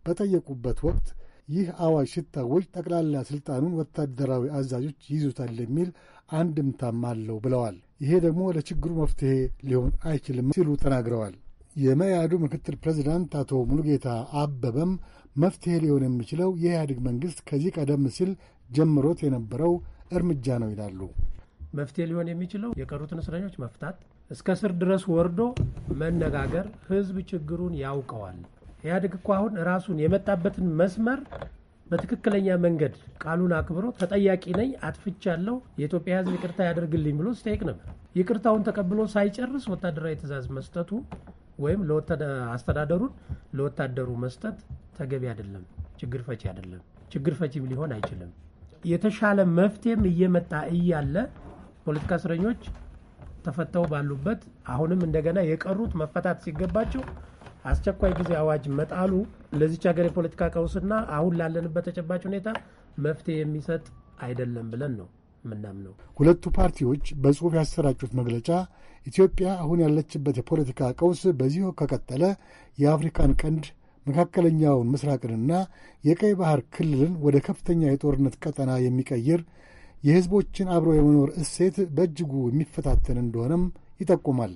በጠየቁበት ወቅት ይህ አዋጅ ሲታወጅ ጠቅላላ ስልጣኑን ወታደራዊ አዛዦች ይይዙታል የሚል አንድምታም አለው ብለዋል። ይሄ ደግሞ ለችግሩ መፍትሄ ሊሆን አይችልም ሲሉ ተናግረዋል። የመያዱ ምክትል ፕሬዚዳንት አቶ ሙሉጌታ አበበም መፍትሄ ሊሆን የሚችለው የኢህአዴግ መንግስት ከዚህ ቀደም ሲል ጀምሮት የነበረው እርምጃ ነው ይላሉ። መፍትሄ ሊሆን የሚችለው የቀሩትን እስረኞች መፍታት፣ እስከ ስር ድረስ ወርዶ መነጋገር። ህዝብ ችግሩን ያውቀዋል። ኢህአዴግ እኮ አሁን ራሱን የመጣበትን መስመር በትክክለኛ መንገድ ቃሉን አክብሮ ተጠያቂ ነኝ አጥፍቻለሁ፣ የኢትዮጵያ ሕዝብ ይቅርታ ያደርግልኝ ብሎ ሲጠይቅ ነበር። ይቅርታውን ተቀብሎ ሳይጨርስ ወታደራዊ ትእዛዝ መስጠቱ ወይም አስተዳደሩን ለወታደሩ መስጠት ተገቢ አይደለም፣ ችግር ፈቺ አይደለም፣ ችግር ፈቺም ሊሆን አይችልም። የተሻለ መፍትሄም እየመጣ እያለ ፖለቲካ እስረኞች ተፈተው ባሉበት አሁንም እንደገና የቀሩት መፈታት ሲገባቸው አስቸኳይ ጊዜ አዋጅ መጣሉ ለዚች ሀገር የፖለቲካ ቀውስና አሁን ላለንበት ተጨባጭ ሁኔታ መፍትሄ የሚሰጥ አይደለም ብለን ነው ምናምነው። ሁለቱ ፓርቲዎች በጽሑፍ ያሰራጩት መግለጫ ኢትዮጵያ አሁን ያለችበት የፖለቲካ ቀውስ በዚሁ ከቀጠለ የአፍሪካን ቀንድ መካከለኛውን ምስራቅንና የቀይ ባህር ክልልን ወደ ከፍተኛ የጦርነት ቀጠና የሚቀይር የሕዝቦችን አብሮ የመኖር እሴት በእጅጉ የሚፈታተን እንደሆነም ይጠቁማል።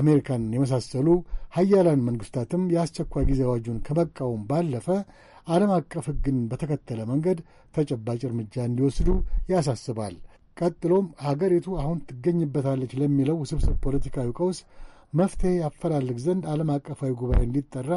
አሜሪካን የመሳሰሉ ሀያላን መንግስታትም የአስቸኳይ ጊዜ አዋጁን ከመቃወም ባለፈ ዓለም አቀፍ ሕግን በተከተለ መንገድ ተጨባጭ እርምጃ እንዲወስዱ ያሳስባል። ቀጥሎም ሀገሪቱ አሁን ትገኝበታለች ለሚለው ውስብስብ ፖለቲካዊ ቀውስ መፍትሔ ያፈላልግ ዘንድ ዓለም አቀፋዊ ጉባኤ እንዲጠራ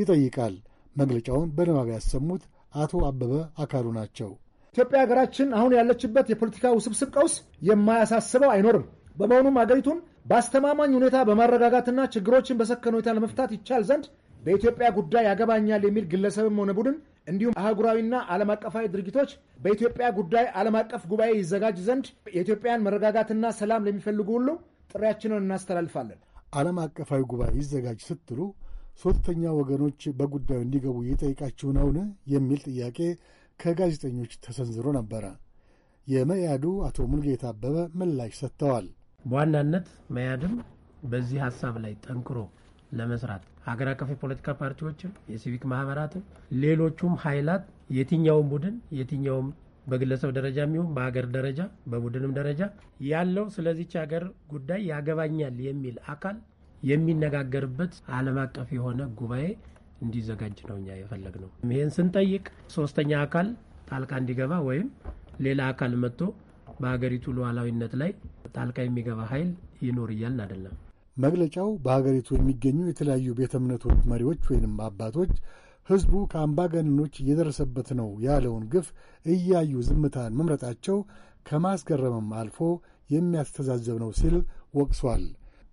ይጠይቃል። መግለጫውን በንባብ ያሰሙት አቶ አበበ አካሉ ናቸው። ኢትዮጵያ ሀገራችን አሁን ያለችበት የፖለቲካ ውስብስብ ቀውስ የማያሳስበው አይኖርም። በመሆኑም አገሪቱን በአስተማማኝ ሁኔታ በማረጋጋትና ችግሮችን በሰከነ ሁኔታ ለመፍታት ይቻል ዘንድ በኢትዮጵያ ጉዳይ ያገባኛል የሚል ግለሰብም ሆነ ቡድን እንዲሁም አህጉራዊና ዓለም አቀፋዊ ድርጊቶች በኢትዮጵያ ጉዳይ ዓለም አቀፍ ጉባኤ ይዘጋጅ ዘንድ የኢትዮጵያን መረጋጋትና ሰላም ለሚፈልጉ ሁሉ ጥሪያችንን እናስተላልፋለን። ዓለም አቀፋዊ ጉባኤ ይዘጋጅ ስትሉ ሦስተኛ ወገኖች በጉዳዩ እንዲገቡ እየጠየቃችሁ ነውን? የሚል ጥያቄ ከጋዜጠኞች ተሰንዝሮ ነበረ። የመያዱ አቶ ሙልጌታ አበበ ምላሽ ሰጥተዋል። በዋናነት መያድም በዚህ ሀሳብ ላይ ጠንክሮ ለመስራት ሀገር አቀፍ የፖለቲካ ፓርቲዎችም፣ የሲቪክ ማህበራትም፣ ሌሎቹም ኃይላት የትኛውም ቡድን የትኛውም በግለሰብ ደረጃ የሚሆን በሀገር ደረጃ በቡድንም ደረጃ ያለው ስለዚች ሀገር ጉዳይ ያገባኛል የሚል አካል የሚነጋገርበት ዓለም አቀፍ የሆነ ጉባኤ እንዲዘጋጅ ነው እኛ የፈለግነው። ይህን ስንጠይቅ ሶስተኛ አካል ጣልቃ እንዲገባ ወይም ሌላ አካል መጥቶ በሀገሪቱ ሉዓላዊነት ላይ ጣልቃ የሚገባ ኃይል ይኖር እያልን አይደለም። መግለጫው በሀገሪቱ የሚገኙ የተለያዩ ቤተ እምነቶች መሪዎች ወይንም አባቶች ህዝቡ ከአምባገነኖች እየደረሰበት ነው ያለውን ግፍ እያዩ ዝምታን መምረጣቸው ከማስገረምም አልፎ የሚያስተዛዘብ ነው ሲል ወቅሷል።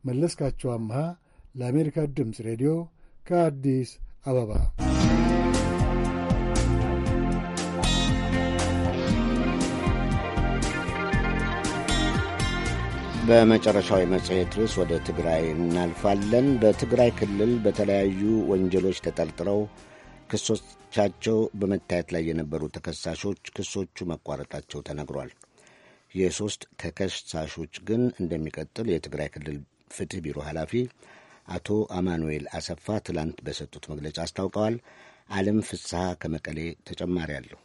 መለስካቸው አምሃ ለአሜሪካ ድምፅ ሬዲዮ ከአዲስ አበባ በመጨረሻዊ መጽሔት ርዕስ ወደ ትግራይ እናልፋለን። በትግራይ ክልል በተለያዩ ወንጀሎች ተጠርጥረው ክሶቻቸው በመታየት ላይ የነበሩ ተከሳሾች ክሶቹ መቋረጣቸው ተነግሯል። የሦስት ተከሳሾች ግን እንደሚቀጥል የትግራይ ክልል ፍትህ ቢሮ ኃላፊ አቶ አማኑኤል አሰፋ ትላንት በሰጡት መግለጫ አስታውቀዋል። አለም ፍስሐ ከመቀሌ ተጨማሪ አለሁ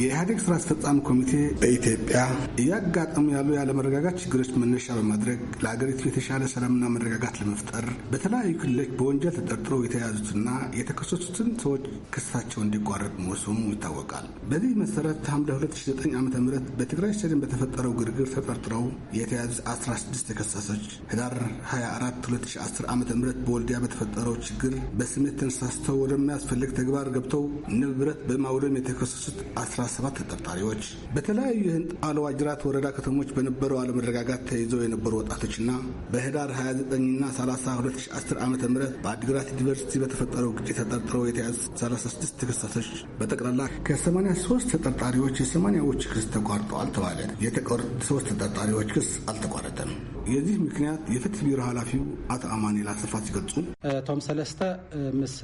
የኢህአዴግ ስራ አስፈጻሚ ኮሚቴ በኢትዮጵያ እያጋጠሙ ያሉ ያለመረጋጋት ችግሮች መነሻ በማድረግ ለአገሪቱ የተሻለ ሰላምና መረጋጋት ለመፍጠር በተለያዩ ክልሎች በወንጀል ተጠርጥሮ የተያዙትና የተከሰሱትን ሰዎች ክሳቸው እንዲቋረጥ መወሰኑ ይታወቃል። በዚህ መሰረት ሐምሌ 2009 ዓ ም በትግራይ ስቴዲየም በተፈጠረው ግርግር ተጠርጥረው የተያዙት 16 ተከሳሶች ህዳር 24 2010 ዓ ም በወልዲያ በተፈጠረው ችግር በስሜት ተነሳስተው ወደሚያስፈልግ ተግባር ገብተው ንብረት በማውደም የተከሰሱት 17 ተጠርጣሪዎች በተለያዩ የህንድ ዋጅራት ወረዳ ከተሞች በነበረው አለመረጋጋት ተይዘው የነበሩ ወጣቶችና በህዳር 29ና 30 2010 ዓ ም በአዲግራት ዩኒቨርሲቲ በተፈጠረው ግጭት ተጠርጥረው የተያዙ 36 ተከሳሾች በጠቅላላ ከ83 ተጠርጣሪዎች የ80ዎች ክስ ተቋርጠዋል ተባለ። የተቀሩት ሶስት ተጠርጣሪዎች ክስ አልተቋረጠም። የዚህ ምክንያት የፍትህ ቢሮ ኃላፊው አቶ አማኔል አሰፋ ሲገልጹ እቶም ሰለስተ ምስ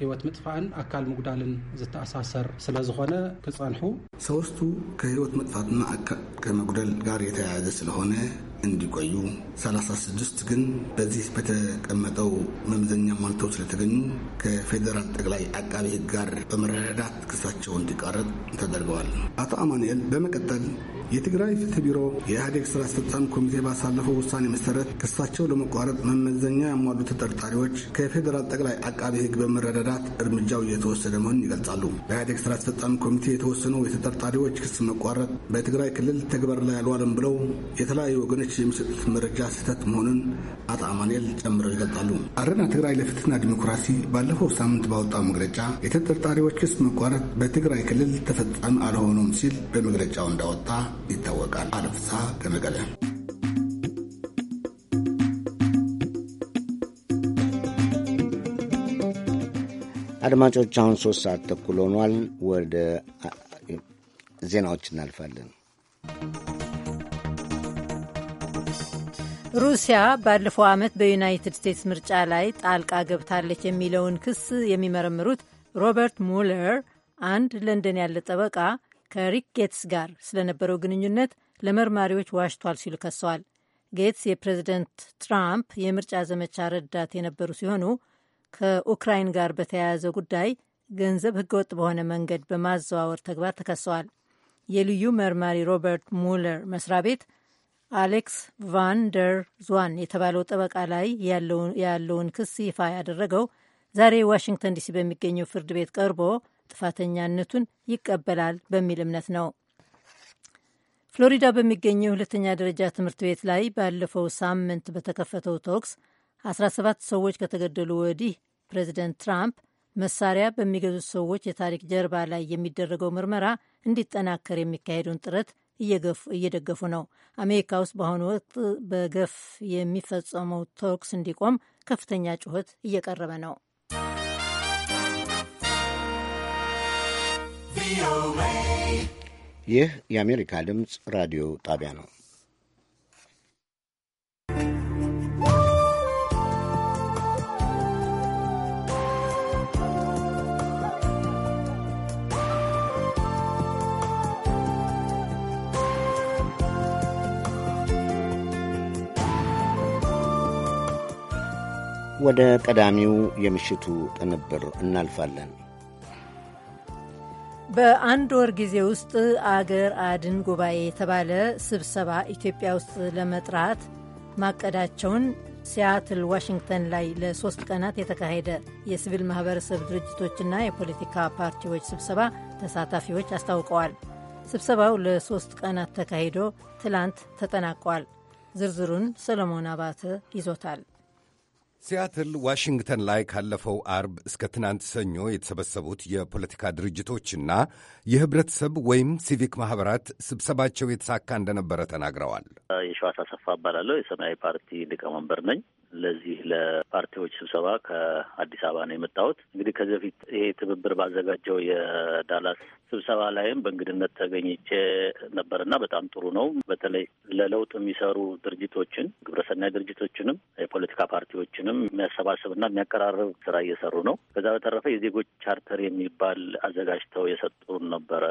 ህይወት ምጥፋእን አካል ምጉዳልን ዝተኣሳሰር ስለ ክፀንሑ ሰውስቱ ከህይወት መጥፋትና ከመጉደል ጋር የተያያዘ ስለሆነ እንዲቆዩ 36 ግን በዚህ በተቀመጠው መመዘኛ ሟልተው ስለተገኙ ከፌዴራል ጠቅላይ አቃቢ ህግ ጋር በመረዳዳት ክሳቸው እንዲቃረጥ ተደርገዋል። አቶ አማኑኤል በመቀጠል የትግራይ ፍትህ ቢሮ የኢህአዴግ ስራ አስፈጻሚ ኮሚቴ ባሳለፈው ውሳኔ መሰረት ክሳቸው ለመቋረጥ መመዘኛ ያሟሉ ተጠርጣሪዎች ከፌዴራል ጠቅላይ አቃቢ ህግ በመረዳዳት እርምጃው እየተወሰደ መሆኑን ይገልጻሉ። በኢህአዴግ ስራ አስፈጻሚ ኮሚቴ የተወሰነው የተጠርጣሪዎች ክስ መቋረጥ በትግራይ ክልል ተግባር ላይ አልዋለም ብለው የተለያዩ ወገኖች የሚሰጡት መረጃ ስህተት መሆኑን አቶ አማኑኤል ጨምረው ይገልጻሉ። አረና ትግራይ ለፍትህና ዲሞክራሲ ባለፈው ሳምንት ባወጣው መግለጫ የተጠርጣሪዎች ክስ መቋረጥ በትግራይ ክልል ተፈጻሚ አልሆኑም ሲል በመግለጫው እንዳወጣ ይታወቃል። አለፍታ ከመቀለ አድማጮች፣ አሁን ሶስት ሰዓት ተኩል ሆኗል። ወደ ዜናዎች እናልፋለን። ሩሲያ ባለፈው ዓመት በዩናይትድ ስቴትስ ምርጫ ላይ ጣልቃ ገብታለች የሚለውን ክስ የሚመረምሩት ሮበርት ሙለር አንድ ለንደን ያለ ጠበቃ ከሪክ ጌትስ ጋር ስለነበረው ግንኙነት ለመርማሪዎች ዋሽቷል ሲሉ ከሰዋል። ጌትስ የፕሬዚደንት ትራምፕ የምርጫ ዘመቻ ረዳት የነበሩ ሲሆኑ ከኡክራይን ጋር በተያያዘ ጉዳይ ገንዘብ ህገወጥ በሆነ መንገድ በማዘዋወር ተግባር ተከሰዋል። የልዩ መርማሪ ሮበርት ሙለር መስሪያ ቤት አሌክስ ቫን ደር ዟን የተባለው ጠበቃ ላይ ያለውን ክስ ይፋ ያደረገው ዛሬ ዋሽንግተን ዲሲ በሚገኘው ፍርድ ቤት ቀርቦ ጥፋተኛነቱን ይቀበላል በሚል እምነት ነው። ፍሎሪዳ በሚገኘው የሁለተኛ ደረጃ ትምህርት ቤት ላይ ባለፈው ሳምንት በተከፈተው ተኩስ 17 ሰዎች ከተገደሉ ወዲህ ፕሬዚደንት ትራምፕ መሳሪያ በሚገዙት ሰዎች የታሪክ ጀርባ ላይ የሚደረገው ምርመራ እንዲጠናከር የሚካሄዱን ጥረት እየደገፉ ነው። አሜሪካ ውስጥ በአሁኑ ወቅት በገፍ የሚፈጸመው ተኩስ እንዲቆም ከፍተኛ ጩኸት እየቀረበ ነው። ይህ የአሜሪካ ድምፅ ራዲዮ ጣቢያ ነው። ወደ ቀዳሚው የምሽቱ ቅንብር እናልፋለን። በአንድ ወር ጊዜ ውስጥ አገር አድን ጉባኤ የተባለ ስብሰባ ኢትዮጵያ ውስጥ ለመጥራት ማቀዳቸውን ሲያትል ዋሽንግተን ላይ ለሶስት ቀናት የተካሄደ የሲቪል ማህበረሰብ ድርጅቶችና የፖለቲካ ፓርቲዎች ስብሰባ ተሳታፊዎች አስታውቀዋል። ስብሰባው ለሶስት ቀናት ተካሂዶ ትላንት ተጠናቋል። ዝርዝሩን ሰለሞን አባተ ይዞታል። ሲያትል ዋሽንግተን ላይ ካለፈው አርብ እስከ ትናንት ሰኞ የተሰበሰቡት የፖለቲካ ድርጅቶችና የህብረተሰብ ወይም ሲቪክ ማህበራት ስብሰባቸው የተሳካ እንደነበረ ተናግረዋል። የሸዋስ አሰፋ እባላለሁ። የሰማያዊ ፓርቲ ሊቀመንበር ነኝ። ለዚህ ለፓርቲዎች ስብሰባ ከአዲስ አበባ ነው የመጣሁት። እንግዲህ ከዚህ በፊት ይሄ ትብብር ባዘጋጀው የዳላስ ስብሰባ ላይም በእንግድነት ተገኝቼ ነበር በጣም ጥሩ ነው። በተለይ ለለውጥ የሚሰሩ ድርጅቶችን ግብረሰናይ ድርጅቶችንም የፖለቲካ ፓርቲዎችንም የሚያሰባስብና የሚያቀራርብ ስራ እየሰሩ ነው። ከዛ በተረፈ የዜጎች ቻርተር የሚባል አዘጋጅተው የሰጡን ነበረ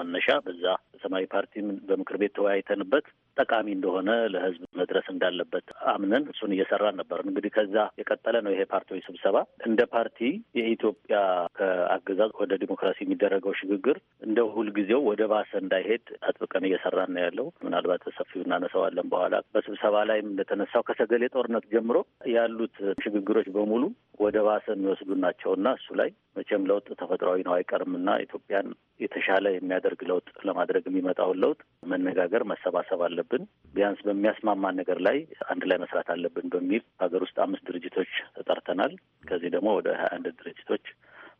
መነሻ። በዛ ሰማያዊ ፓርቲም በምክር ቤት ተወያይተንበት ጠቃሚ እንደሆነ ለህዝብ መድረስ እንዳለበት አምነን እሱን እየሰራ ነው ነበር። እንግዲህ ከዛ የቀጠለ ነው ይሄ ፓርቲዎች ስብሰባ። እንደ ፓርቲ የኢትዮጵያ ከአገዛዝ ወደ ዲሞክራሲ የሚደረገው ሽግግር እንደ ሁልጊዜው ወደ ባሰ እንዳይሄድ አጥብቀን እየሰራን ነው ያለው። ምናልባት ሰፊው እናነሳዋለን በኋላ። በስብሰባ ላይም እንደተነሳው ከሰገሌ ጦርነት ጀምሮ ያሉት ሽግግሮች በሙሉ ወደ ባሰ የሚወስዱ ናቸውና እሱ ላይ መቼም ለውጥ ተፈጥሯዊ ነው አይቀርምና ኢትዮጵያን የተሻለ የሚያደርግ ለውጥ ለማድረግ የሚመጣውን ለውጥ መነጋገር፣ መሰባሰብ አለብን። ቢያንስ በሚያስማማን ነገር ላይ አንድ ላይ መስራት አለብን በሚል ሀገር ውስጥ አምስት ድርጅቶች ተጠርተናል። ከዚህ ደግሞ ወደ ሀያ አንድ ድርጅቶች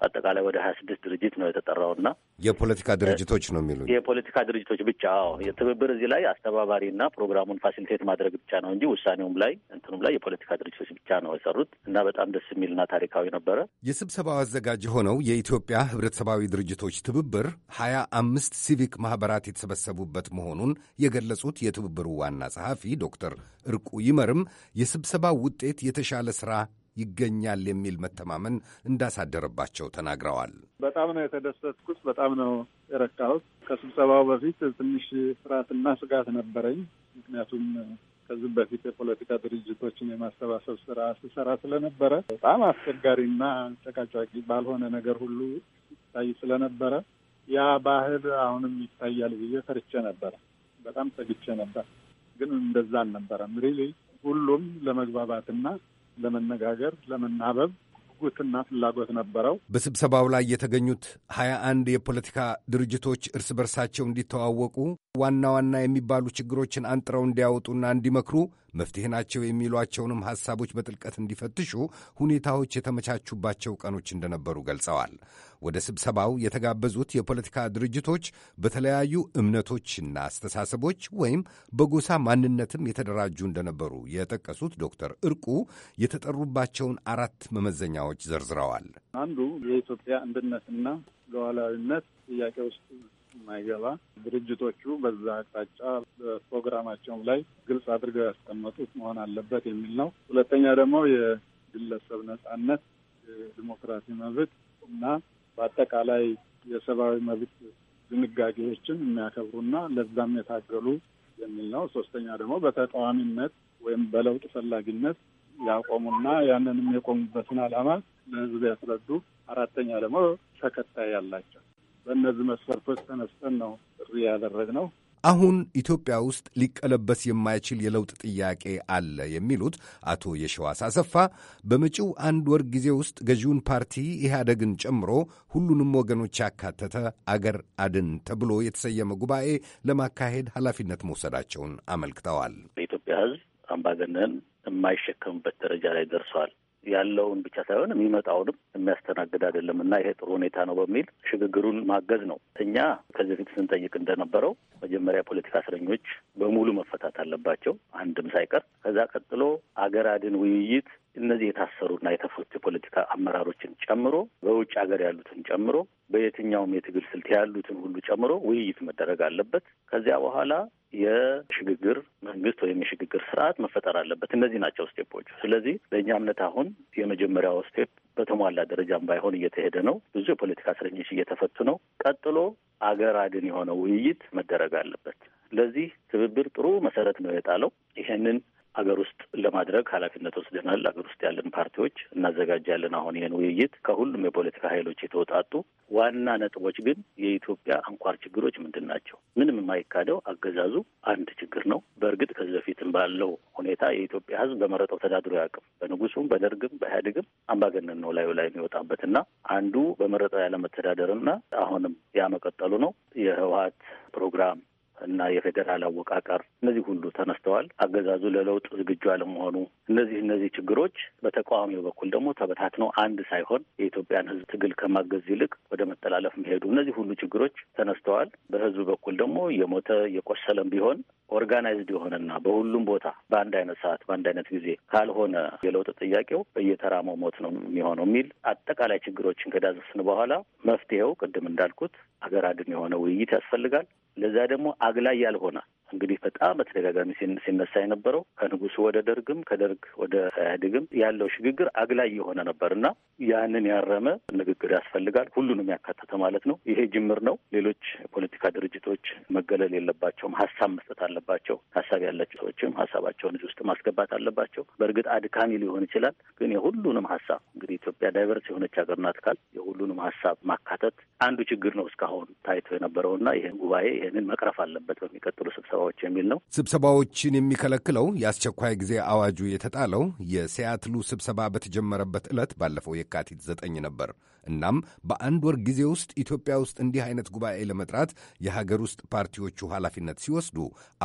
አጠቃላይ ወደ ሀያ ስድስት ድርጅት ነው የተጠራውና የፖለቲካ ድርጅቶች ነው የሚሉ የፖለቲካ ድርጅቶች ብቻ። አዎ የትብብር እዚህ ላይ አስተባባሪና ፕሮግራሙን ፋሲሊቴት ማድረግ ብቻ ነው እንጂ ውሳኔውም ላይ እንትኑም ላይ የፖለቲካ ድርጅቶች ብቻ ነው የሰሩት እና በጣም ደስ የሚልና ታሪካዊ ነበረ። የስብሰባው አዘጋጅ የሆነው የኢትዮጵያ ህብረተሰባዊ ድርጅቶች ትብብር ሀያ አምስት ሲቪክ ማህበራት የተሰበሰቡበት መሆኑን የገለጹት የትብብሩ ዋና ጸሐፊ ዶክተር እርቁ ይመርም የስብሰባው ውጤት የተሻለ ስራ ይገኛል የሚል መተማመን እንዳሳደረባቸው ተናግረዋል። በጣም ነው የተደሰትኩት። በጣም ነው የረካሁት። ከስብሰባው በፊት ትንሽ ፍርሃትና ስጋት ነበረኝ። ምክንያቱም ከዚህ በፊት የፖለቲካ ድርጅቶችን የማሰባሰብ ስራ ስሰራ ስለነበረ በጣም አስቸጋሪና ጨቃጫቂ ባልሆነ ነገር ሁሉ ይታይ ስለነበረ ያ ባህል አሁንም ይታያል ብዬ ፈርቼ ነበረ። በጣም ሰግቼ ነበር። ግን እንደዛ አልነበረም። ሪሊ ሁሉም ለመግባባትና ለመነጋገር፣ ለመናበብ ጉጉትና ፍላጎት ነበረው። በስብሰባው ላይ የተገኙት ሀያ አንድ የፖለቲካ ድርጅቶች እርስ በርሳቸው እንዲተዋወቁ ዋና ዋና የሚባሉ ችግሮችን አንጥረው እንዲያወጡና እንዲመክሩ መፍትሄ ናቸው የሚሏቸውንም ሐሳቦች በጥልቀት እንዲፈትሹ ሁኔታዎች የተመቻቹባቸው ቀኖች እንደነበሩ ገልጸዋል። ወደ ስብሰባው የተጋበዙት የፖለቲካ ድርጅቶች በተለያዩ እምነቶችና አስተሳሰቦች ወይም በጎሳ ማንነትም የተደራጁ እንደነበሩ የጠቀሱት ዶክተር እርቁ የተጠሩባቸውን አራት መመዘኛዎች ዘርዝረዋል። አንዱ የኢትዮጵያ አንድነትና ሉዓላዊነት ጥያቄ ውስጥ የማይገባ ድርጅቶቹ በዛ አቅጣጫ በፕሮግራማቸውም ላይ ግልጽ አድርገው ያስቀመጡት መሆን አለበት የሚል ነው። ሁለተኛ ደግሞ የግለሰብ ነጻነት፣ የዲሞክራሲ መብት እና በአጠቃላይ የሰብአዊ መብት ድንጋጌዎችን የሚያከብሩና ለዛም የታገሉ የሚል ነው። ሶስተኛ ደግሞ በተቃዋሚነት ወይም በለውጥ ፈላጊነት ያቆሙና ያንንም የቆሙበትን ዓላማ ለሕዝብ ያስረዱ። አራተኛ ደግሞ ተከታይ ያላቸው በእነዚህ መስፈርቶች ተነስተን ነው ጥሪ ያደረግነው። አሁን ኢትዮጵያ ውስጥ ሊቀለበስ የማይችል የለውጥ ጥያቄ አለ የሚሉት አቶ የሸዋስ አሰፋ በመጪው አንድ ወር ጊዜ ውስጥ ገዢውን ፓርቲ ኢህአደግን ጨምሮ ሁሉንም ወገኖች ያካተተ አገር አድን ተብሎ የተሰየመ ጉባኤ ለማካሄድ ኃላፊነት መውሰዳቸውን አመልክተዋል። በኢትዮጵያ ሕዝብ አምባገነን የማይሸከምበት ደረጃ ላይ ደርሷል። ያለውን ብቻ ሳይሆን የሚመጣውንም የሚያስተናግድ አይደለም እና ይሄ ጥሩ ሁኔታ ነው በሚል ሽግግሩን ማገዝ ነው። እኛ ከዚህ በፊት ስንጠይቅ እንደነበረው መጀመሪያ ፖለቲካ እስረኞች በሙሉ መፈታት አለባቸው፣ አንድም ሳይቀር። ከዛ ቀጥሎ አገር አድን ውይይት እነዚህ የታሰሩና የተፈቱ የፖለቲካ አመራሮችን ጨምሮ በውጭ ሀገር ያሉትን ጨምሮ በየትኛውም የትግል ስልት ያሉትን ሁሉ ጨምሮ ውይይት መደረግ አለበት። ከዚያ በኋላ የሽግግር መንግስት ወይም የሽግግር ስርዓት መፈጠር አለበት። እነዚህ ናቸው ስቴፖቹ። ስለዚህ በእኛ እምነት አሁን የመጀመሪያው ስቴፕ በተሟላ ደረጃም ባይሆን እየተሄደ ነው። ብዙ የፖለቲካ እስረኞች እየተፈቱ ነው። ቀጥሎ አገር አድን የሆነ ውይይት መደረግ አለበት። ለዚህ ትብብር ጥሩ መሰረት ነው የጣለው። ይሄንን ሀገር ውስጥ ለማድረግ ኃላፊነት ወስደናል። ሀገር ውስጥ ያለን ፓርቲዎች እናዘጋጃለን። አሁን ይህን ውይይት ከሁሉም የፖለቲካ ኃይሎች የተወጣጡ ዋና ነጥቦች ግን የኢትዮጵያ አንኳር ችግሮች ምንድን ናቸው? ምንም የማይካደው አገዛዙ አንድ ችግር ነው። በእርግጥ ከዚህ በፊትም ባለው ሁኔታ የኢትዮጵያ ሕዝብ በመረጠው ተዳድሮ ያቅም በንጉሱም በደርግም በኢህአዴግም አምባገነን ነው ላዩ ላይ የሚወጣበት እና አንዱ በመረጠው ያለመተዳደርና አሁንም ያመቀጠሉ ነው የህወሀት ፕሮግራም እና የፌዴራል አወቃቀር እነዚህ ሁሉ ተነስተዋል። አገዛዙ ለለውጥ ዝግጁ አለመሆኑ፣ እነዚህ እነዚህ ችግሮች በተቃዋሚው በኩል ደግሞ ተበታትነው አንድ ሳይሆን የኢትዮጵያን ሕዝብ ትግል ከማገዝ ይልቅ ወደ መጠላለፍ መሄዱ፣ እነዚህ ሁሉ ችግሮች ተነስተዋል። በሕዝብ በኩል ደግሞ የሞተ የቆሰለም ቢሆን ኦርጋናይዝድ የሆነና በሁሉም ቦታ በአንድ አይነት ሰዓት በአንድ አይነት ጊዜ ካልሆነ የለውጥ ጥያቄው በየተራማው ሞት ነው የሚሆነው የሚል አጠቃላይ ችግሮችን ከዳሰስን በኋላ መፍትሄው ቅድም እንዳልኩት ሀገር አድን የሆነ ውይይት ያስፈልጋል። ለዛ ደግሞ አግላይ ያልሆነ እንግዲህ በጣም በተደጋጋሚ ሲነሳ የነበረው ከንጉሱ ወደ ደርግም ከደርግ ወደ ኢህአዴግም ያለው ሽግግር አግላይ የሆነ ነበር እና ያንን ያረመ ንግግር ያስፈልጋል። ሁሉንም ያካተተ ማለት ነው። ይሄ ጅምር ነው። ሌሎች የፖለቲካ ድርጅቶች መገለል የለባቸውም። ሀሳብ መስጠት አለባቸው። ሀሳብ ያላቸው ሰዎችም ሀሳባቸውን እዚህ ውስጥ ማስገባት አለባቸው። በእርግጥ አድካሚ ሊሆን ይችላል፣ ግን የሁሉንም ሀሳብ እንግዲህ ኢትዮጵያ ዳይቨርስ የሆነች ሀገር ናት ካል የሁሉንም ሀሳብ ማካተት አንዱ ችግር ነው እስካሁን ታይቶ እና ይህን ጉባኤ ይህንን መቅረፍ አለበት በሚቀጥሉ ስብሰባ ስብሰባዎች የሚል ነው። ስብሰባዎችን የሚከለክለው የአስቸኳይ ጊዜ አዋጁ የተጣለው የሲያትሉ ስብሰባ በተጀመረበት ዕለት ባለፈው የካቲት ዘጠኝ ነበር። እናም በአንድ ወር ጊዜ ውስጥ ኢትዮጵያ ውስጥ እንዲህ አይነት ጉባኤ ለመጥራት የሀገር ውስጥ ፓርቲዎቹ ኃላፊነት ሲወስዱ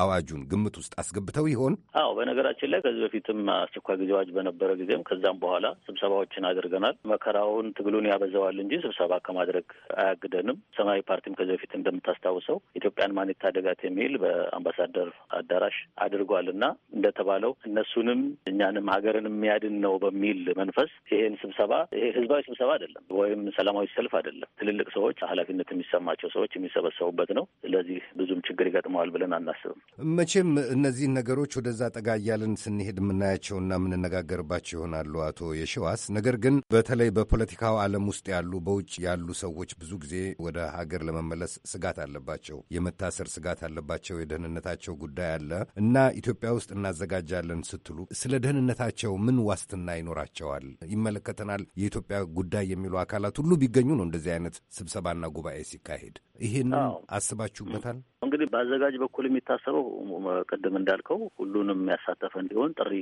አዋጁን ግምት ውስጥ አስገብተው ይሆን? አዎ፣ በነገራችን ላይ ከዚህ በፊትም አስቸኳይ ጊዜ አዋጅ በነበረ ጊዜም ከዛም በኋላ ስብሰባዎችን አድርገናል። መከራውን ትግሉን ያበዛዋል እንጂ ስብሰባ ከማድረግ አያግደንም። ሰማያዊ ፓርቲም ከዚህ በፊት እንደምታስታውሰው ኢትዮጵያን ማን ይታደጋት የሚል በአምባሳደር አዳራሽ አድርጓል እና እንደተባለው እነሱንም እኛንም ሀገርን የሚያድን ነው በሚል መንፈስ ይሄን ስብሰባ ይሄ ህዝባዊ ስብሰባ አይደለም ወይም ሰላማዊ ሰልፍ አይደለም። ትልልቅ ሰዎች፣ ኃላፊነት የሚሰማቸው ሰዎች የሚሰበሰቡበት ነው። ስለዚህ ብዙም ችግር ይገጥመዋል ብለን አናስብም። መቼም እነዚህን ነገሮች ወደዛ ጠጋ እያልን ስንሄድ የምናያቸውና የምንነጋገርባቸው ይሆናሉ አቶ የሸዋስ። ነገር ግን በተለይ በፖለቲካው ዓለም ውስጥ ያሉ በውጭ ያሉ ሰዎች ብዙ ጊዜ ወደ ሀገር ለመመለስ ስጋት አለባቸው። የመታሰር ስጋት አለባቸው። የደህንነታቸው ጉዳይ አለ እና ኢትዮጵያ ውስጥ እናዘጋጃለን ስትሉ ስለ ደህንነታቸው ምን ዋስትና ይኖራቸዋል? ይመለከተናል የኢትዮጵያ ጉዳይ የሚሉ አካል አካላት ሁሉ ቢገኙ ነው እንደዚህ አይነት ስብሰባና ጉባኤ ሲካሄድ። ይሄን አስባችሁበታል? እንግዲህ በአዘጋጅ በኩል የሚታሰበው ቅድም እንዳልከው ሁሉንም ያሳተፈ እንዲሆን ጥሪ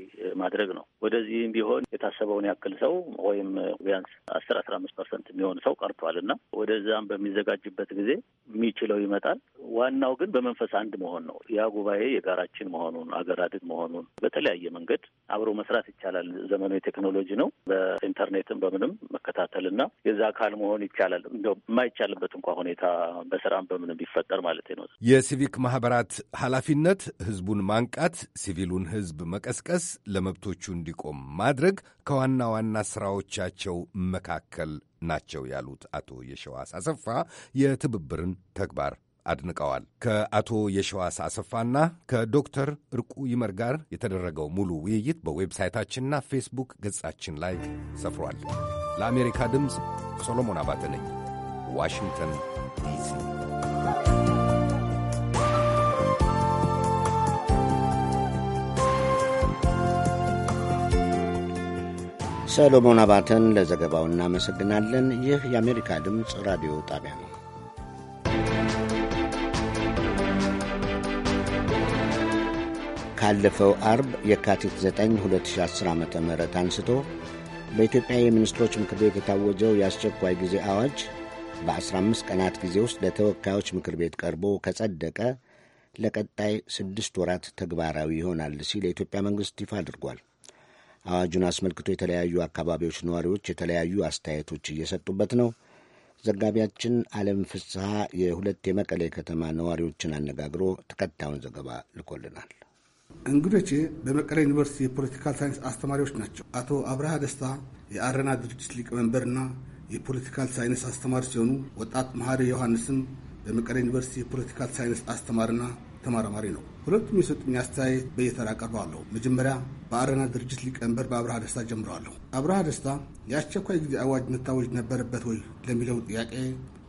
ማድረግ ነው። ወደዚህም ቢሆን የታሰበውን ያክል ሰው ወይም ቢያንስ አስር አስራ አምስት ፐርሰንት የሚሆን ሰው ቀርቷል እና ወደዛም በሚዘጋጅበት ጊዜ የሚችለው ይመጣል። ዋናው ግን በመንፈስ አንድ መሆን ነው። ያ ጉባኤ የጋራችን መሆኑን አገራድን መሆኑን በተለያየ መንገድ አብሮ መስራት ይቻላል። ዘመኑ የቴክኖሎጂ ነው። በኢንተርኔትም በምንም መከታተልና የዛ አካል መሆን ይቻላል። እንደው የማይቻልበት እንኳ ሁኔታ በስራም በምን ቢፈጠር ማለት ነው። የሲቪክ ማህበራት ኃላፊነት ህዝቡን ማንቃት፣ ሲቪሉን ህዝብ መቀስቀስ፣ ለመብቶቹ እንዲቆም ማድረግ ከዋና ዋና ስራዎቻቸው መካከል ናቸው ያሉት አቶ የሸዋስ አሰፋ የትብብርን ተግባር አድንቀዋል። ከአቶ የሸዋስ አሰፋና ከዶክተር እርቁ ይመር ጋር የተደረገው ሙሉ ውይይት በዌብሳይታችንና ፌስቡክ ገጻችን ላይ ሰፍሯል። ለአሜሪካ ድምፅ ሶሎሞን አባተ ነኝ ዋሽንግተን ሰሎሞን አባተን ለዘገባው እናመሰግናለን። ይህ የአሜሪካ ድምፅ ራዲዮ ጣቢያ ነው። ካለፈው አርብ የካቲት 9 2010 ዓ ም አንስቶ በኢትዮጵያ የሚኒስትሮች ምክር ቤት የታወጀው የአስቸኳይ ጊዜ አዋጅ በ15 ቀናት ጊዜ ውስጥ ለተወካዮች ምክር ቤት ቀርቦ ከጸደቀ ለቀጣይ ስድስት ወራት ተግባራዊ ይሆናል ሲል የኢትዮጵያ መንግሥት ይፋ አድርጓል። አዋጁን አስመልክቶ የተለያዩ አካባቢዎች ነዋሪዎች የተለያዩ አስተያየቶች እየሰጡበት ነው። ዘጋቢያችን አለም ፍስሐ የሁለት የመቀሌ ከተማ ነዋሪዎችን አነጋግሮ ተከታዩን ዘገባ ልኮልናል። እንግዶቼ በመቀሌ ዩኒቨርሲቲ የፖለቲካል ሳይንስ አስተማሪዎች ናቸው። አቶ አብርሃ ደስታ የአረና ድርጅት ሊቀመንበርና የፖለቲካል ሳይንስ አስተማሪ ሲሆኑ ወጣት መሐሪ ዮሐንስም በመቀሌ ዩኒቨርሲቲ የፖለቲካል ሳይንስ አስተማሪና ተመራማሪ ነው። ሁለቱም የሰጡኝ አስተያየት በየተራ አቀርባለሁ። መጀመሪያ በአረና ድርጅት ሊቀመንበር በአብርሃ ደስታ ጀምረዋለሁ። አብርሃ ደስታ የአስቸኳይ ጊዜ አዋጅ መታወጅ ነበረበት ወይ ለሚለው ጥያቄ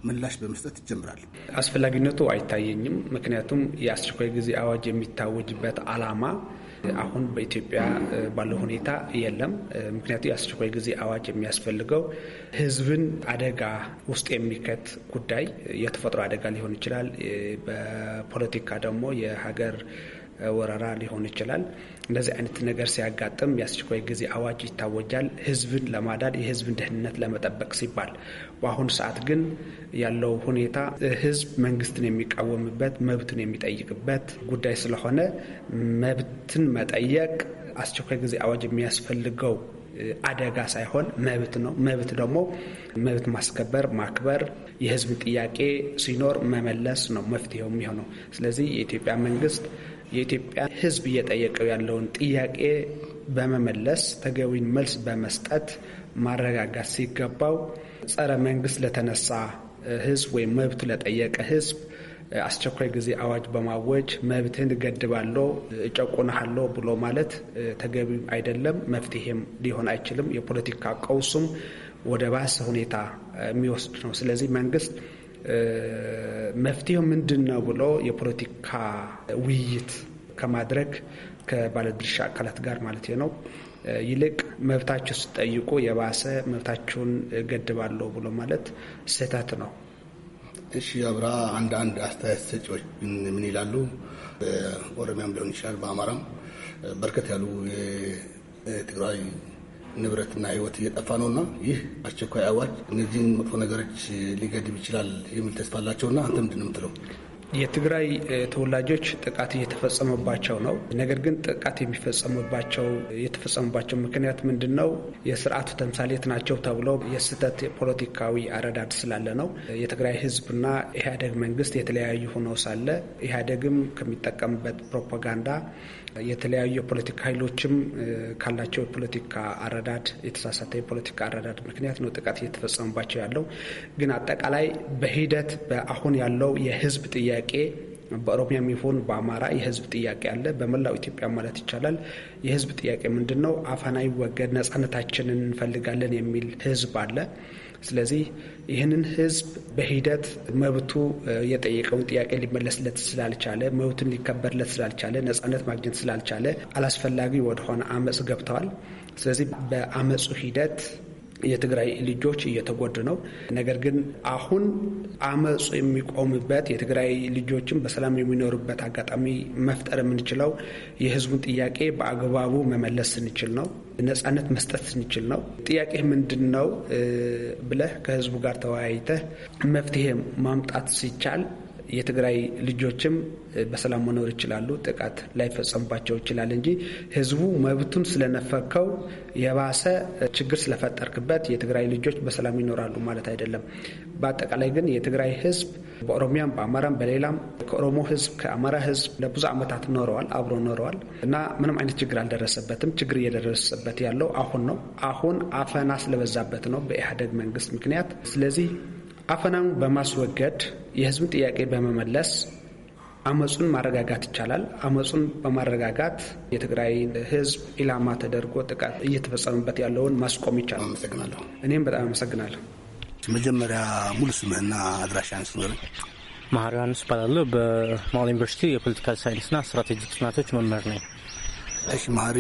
ምላሽ በመስጠት ይጀምራል። አስፈላጊነቱ አይታየኝም። ምክንያቱም የአስቸኳይ ጊዜ አዋጅ የሚታወጅበት ዓላማ አሁን በኢትዮጵያ ባለው ሁኔታ የለም። ምክንያቱም የአስቸኳይ ጊዜ አዋጅ የሚያስፈልገው ህዝብን አደጋ ውስጥ የሚከት ጉዳይ የተፈጥሮ አደጋ ሊሆን ይችላል። በፖለቲካ ደግሞ የሀገር ወረራ ሊሆን ይችላል። እንደዚህ አይነት ነገር ሲያጋጥም የአስቸኳይ ጊዜ አዋጅ ይታወጃል። ህዝብን ለማዳድ የህዝብን ደህንነት ለመጠበቅ ሲባል። በአሁኑ ሰዓት ግን ያለው ሁኔታ ህዝብ መንግስትን የሚቃወምበት መብትን የሚጠይቅበት ጉዳይ ስለሆነ መብትን መጠየቅ አስቸኳይ ጊዜ አዋጅ የሚያስፈልገው አደጋ ሳይሆን መብት ነው። መብት ደግሞ መብት ማስከበር፣ ማክበር፣ የህዝብ ጥያቄ ሲኖር መመለስ ነው መፍትሄው የሚሆነው። ስለዚህ የኢትዮጵያ መንግስት የኢትዮጵያ ሕዝብ እየጠየቀው ያለውን ጥያቄ በመመለስ ተገቢውን መልስ በመስጠት ማረጋጋት ሲገባው ጸረ መንግስት ለተነሳ ሕዝብ ወይም መብት ለጠየቀ ሕዝብ አስቸኳይ ጊዜ አዋጅ በማወጅ መብትን እገድባለሁ፣ እጨቁንሃለሁ ብሎ ማለት ተገቢም አይደለም፣ መፍትሄም ሊሆን አይችልም። የፖለቲካ ቀውሱም ወደ ባሰ ሁኔታ የሚወስድ ነው። ስለዚህ መንግስት መፍትሄው ምንድን ነው ብሎ የፖለቲካ ውይይት ከማድረግ ከባለድርሻ አካላት ጋር ማለት ነው ይልቅ መብታቸው ሲጠይቁ የባሰ መብታቸውን ገድባለሁ ብሎ ማለት ስህተት ነው። እሺ አብራ አንድ አንድ አስተያየት ሰጪዎች ምን ይላሉ? በኦሮሚያም ሊሆን ይችላል፣ በአማራም በርከት ያሉ የትግራይ ንብረትና ህይወት እየጠፋ ነውና ይህ አስቸኳይ አዋጅ እነዚህን መጥፎ ነገሮች ሊገድብ ይችላል የሚል ተስፋ አላቸውና አንተ ምንድን ነው የምትለው? የትግራይ ተወላጆች ጥቃት እየተፈጸመባቸው ነው። ነገር ግን ጥቃት የሚፈጸምባቸው የተፈጸሙባቸው ምክንያት ምንድን ነው? የስርዓቱ ተምሳሌት ናቸው ተብሎ የስህተት ፖለቲካዊ አረዳድ ስላለ ነው። የትግራይ ህዝብና ኢህአዴግ መንግስት የተለያዩ ሆነው ሳለ ኢህአዴግም ከሚጠቀምበት ፕሮፓጋንዳ የተለያዩ የፖለቲካ ኃይሎችም ካላቸው የፖለቲካ አረዳድ የተሳሳተ የፖለቲካ አረዳድ ምክንያት ነው ጥቃት እየተፈጸመባቸው ያለው። ግን አጠቃላይ በሂደት በአሁን ያለው የህዝብ ጥያቄ በኦሮሚያ ይሁን በአማራ የህዝብ ጥያቄ አለ። በመላው ኢትዮጵያ ማለት ይቻላል የህዝብ ጥያቄ ምንድን ነው? አፈና ይወገድ፣ ነጻነታችንን እንፈልጋለን የሚል ህዝብ አለ። ስለዚህ ይህንን ህዝብ በሂደት መብቱ የጠየቀውን ጥያቄ ሊመለስለት ስላልቻለ፣ መብቱን ሊከበርለት ስላልቻለ፣ ነጻነት ማግኘት ስላልቻለ አላስፈላጊ ወደሆነ አመፅ ገብተዋል። ስለዚህ በአመፁ ሂደት የትግራይ ልጆች እየተጎዱ ነው። ነገር ግን አሁን አመፁ የሚቆምበት የትግራይ ልጆችን በሰላም የሚኖሩበት አጋጣሚ መፍጠር የምንችለው የህዝቡን ጥያቄ በአግባቡ መመለስ ስንችል ነው። ነጻነት መስጠት ስንችል ነው። ጥያቄ ምንድን ነው ብለህ ከህዝቡ ጋር ተወያይተህ መፍትሄ ማምጣት ሲቻል የትግራይ ልጆችም በሰላም መኖር ይችላሉ። ጥቃት ላይፈጸምባቸው ይችላል እንጂ ህዝቡ መብቱን ስለነፈከው የባሰ ችግር ስለፈጠርክበት የትግራይ ልጆች በሰላም ይኖራሉ ማለት አይደለም። በአጠቃላይ ግን የትግራይ ህዝብ በኦሮሚያም በአማራም በሌላም ከኦሮሞ ህዝብ ከአማራ ህዝብ ለብዙ ዓመታት ኖረዋል፣ አብሮ ኖረዋል እና ምንም አይነት ችግር አልደረሰበትም። ችግር እየደረሰበት ያለው አሁን ነው። አሁን አፈና ስለበዛበት ነው በኢህአዴግ መንግስት ምክንያት። ስለዚህ አፈናውን በማስወገድ የህዝብን ጥያቄ በመመለስ አመፁን ማረጋጋት ይቻላል። አመፁን በማረጋጋት የትግራይ ህዝብ ኢላማ ተደርጎ ጥቃት እየተፈጸመበት ያለውን ማስቆም ይቻላል። አመሰግናለሁ። እኔም በጣም አመሰግናለሁ። መጀመሪያ ሙሉ ስምህና አድራሻህን ስንገር ማህሪ ዮሐንስ እባላለሁ። በማል ዩኒቨርሲቲ የፖለቲካል ሳይንስና ስትራቴጂክ ጥናቶች መምህር ነኝ። እሺ ማህሪ፣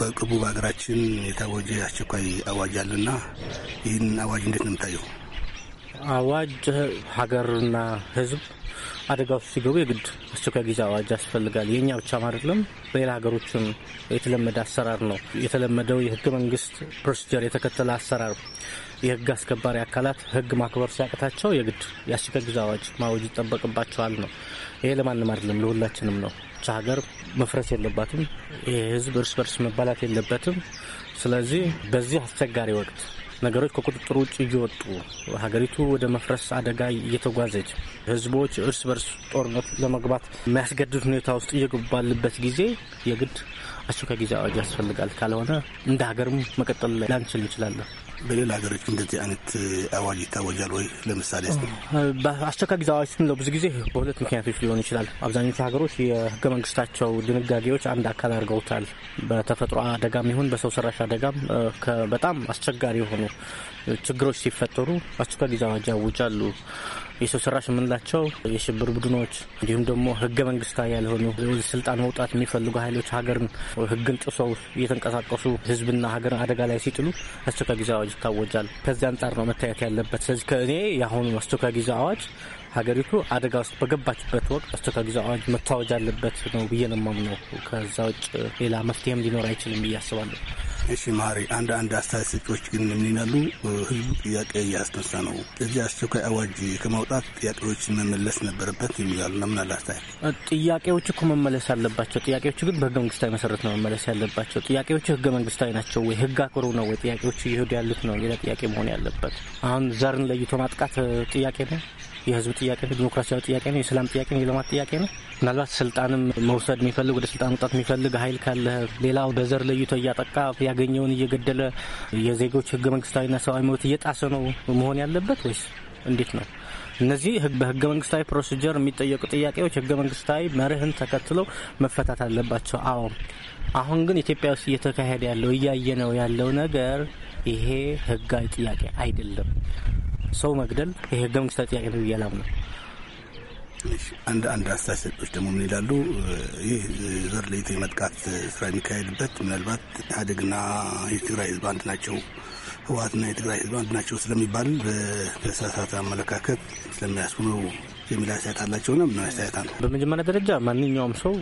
በቅርቡ በሀገራችን የታወጀ አስቸኳይ አዋጅ አለና ይህን አዋጅ እንዴት ነው የምታየው? አዋጅ ሀገርና ህዝብ አደጋ ውስጥ ሲገቡ የግድ አስቸኳይ ጊዜ አዋጅ ያስፈልጋል። የእኛ ብቻም አይደለም፣ በሌላ ሀገሮችም የተለመደ አሰራር ነው። የተለመደው የህገ መንግስት ፕሮሲጀር የተከተለ አሰራር የህግ አስከባሪ አካላት ህግ ማክበር ሲያቅታቸው የግድ የአስቸኳይ ጊዜ አዋጅ ማወጅ ይጠበቅባቸዋል ነው። ይሄ ለማንም አይደለም፣ ለሁላችንም ነው። ብቻ ሀገር መፍረስ የለባትም። ይህ ህዝብ እርስ በርስ መባላት የለበትም። ስለዚህ በዚህ አስቸጋሪ ወቅት ነገሮች ከቁጥጥር ውጭ እየወጡ ሀገሪቱ ወደ መፍረስ አደጋ እየተጓዘች ህዝቦች እርስ በርስ ጦርነት ለመግባት የሚያስገድድ ሁኔታ ውስጥ እየገባልበት ጊዜ የግድ አስቸኳይ ጊዜ አዋጅ ያስፈልጋል። ካልሆነ እንደ ሀገርም መቀጠል ላንችል እንችላለን። በሌላ ሀገሮች እንደዚህ አይነት አዋጅ ይታወጃል ወይ? ለምሳሌ አስቸኳይ ጊዜ አዋጅ ስንለው ብዙ ጊዜ በሁለት ምክንያቶች ሊሆን ይችላል። አብዛኞቹ ሀገሮች የህገ መንግስታቸው ድንጋጌዎች አንድ አካል አድርገውታል። በተፈጥሮ አደጋም ይሁን በሰው ሰራሽ አደጋም በጣም አስቸጋሪ የሆኑ ችግሮች ሲፈጠሩ አስቸኳይ ጊዜ አዋጅ ያውጃሉ። የሰው ሰራሽ የምንላቸው የሽብር ቡድኖች እንዲሁም ደግሞ ህገ መንግስታዊ ያልሆኑ ስልጣን መውጣት የሚፈልጉ ኃይሎች ሀገርን ህግን ጥሰው እየተንቀሳቀሱ ህዝብና ሀገርን አደጋ ላይ ሲጥሉ አስቸኳይ ጊዜ አዋጅ ይታወጃል። ከዚህ አንጻር ነው መታየት ያለበት። ስለዚህ ከእኔ የአሁኑ አስቸኳይ ጊዜ አዋጅ ሀገሪቱ አደጋ ውስጥ በገባችበት ወቅት አስቸኳይ ጊዜ አዋጅ መታወጅ አለበት ነው ብዬ ነው የማምነው። ከዛ ውጭ ሌላ መፍትሄም ሊኖር አይችልም ብዬ አስባለሁ። እሺ ማሪ አንድ አንድ አስተያየት ሰጪዎች ግን ምን ይላሉ? ህዝቡ ጥያቄ እያስነሳ ነው። እዚህ አስቸኳይ አዋጅ ከማውጣት ጥያቄዎች መመለስ ነበረበት የሚሉ ለምን አለ አስተያየት። ጥያቄዎች እኮ መመለስ አለባቸው። ጥያቄዎች ግን በህገ መንግስታዊ መሰረት ነው መመለስ ያለባቸው። ጥያቄዎች ህገ መንግስታዊ ናቸው ወይ? ህግ አክብሮ ነው ወይ ጥያቄዎች እየሄዱ ያሉት ነው? ሌላ ጥያቄ መሆን ያለበት አሁን ዘርን ለይቶ ማጥቃት ጥያቄ ነው። የህዝብ ጥያቄ ነው፣ ዲሞክራሲያዊ ጥያቄ ነው፣ የሰላም ጥያቄ ነው፣ የልማት ጥያቄ ነው። ምናልባት ስልጣንም መውሰድ የሚፈልግ ወደ ስልጣን መውጣት የሚፈልግ ሀይል ካለ ሌላው በዘር ለይቶ እያጠቃ ያገኘውን እየገደለ የዜጎች ህገ መንግስታዊና ሰብአዊ መብት እየጣሰ ነው መሆን ያለበት ወይስ እንዴት ነው? እነዚህ በህገ መንግስታዊ ፕሮሲጀር የሚጠየቁ ጥያቄዎች ህገ መንግስታዊ መርህን ተከትለው መፈታት አለባቸው። አዎ። አሁን ግን ኢትዮጵያ ውስጥ እየተካሄደ ያለው እያየ ነው ያለው ነገር ይሄ ህጋዊ ጥያቄ አይደለም። ሰው መግደል የህገ መንግስት መንግስታዊ ጥያቄ ነው እያላም ነው። አንድ አንድ አስተያየት ሰጪዎች ደግሞ ምን ይላሉ? ይህ ዘር ለይቶ የመጥቃት ስራ የሚካሄድበት ምናልባት ኢህአዴግና የትግራይ ህዝብ አንድ ናቸው፣ ህወሓትና የትግራይ ህዝብ አንድ ናቸው ስለሚባል በተሳሳተ አመለካከት ስለሚያስቡ ነው የሚል አስተያየት አላቸው። ነ ምን አስተያየት አለ? በመጀመሪያ ደረጃ ማንኛውም ሰው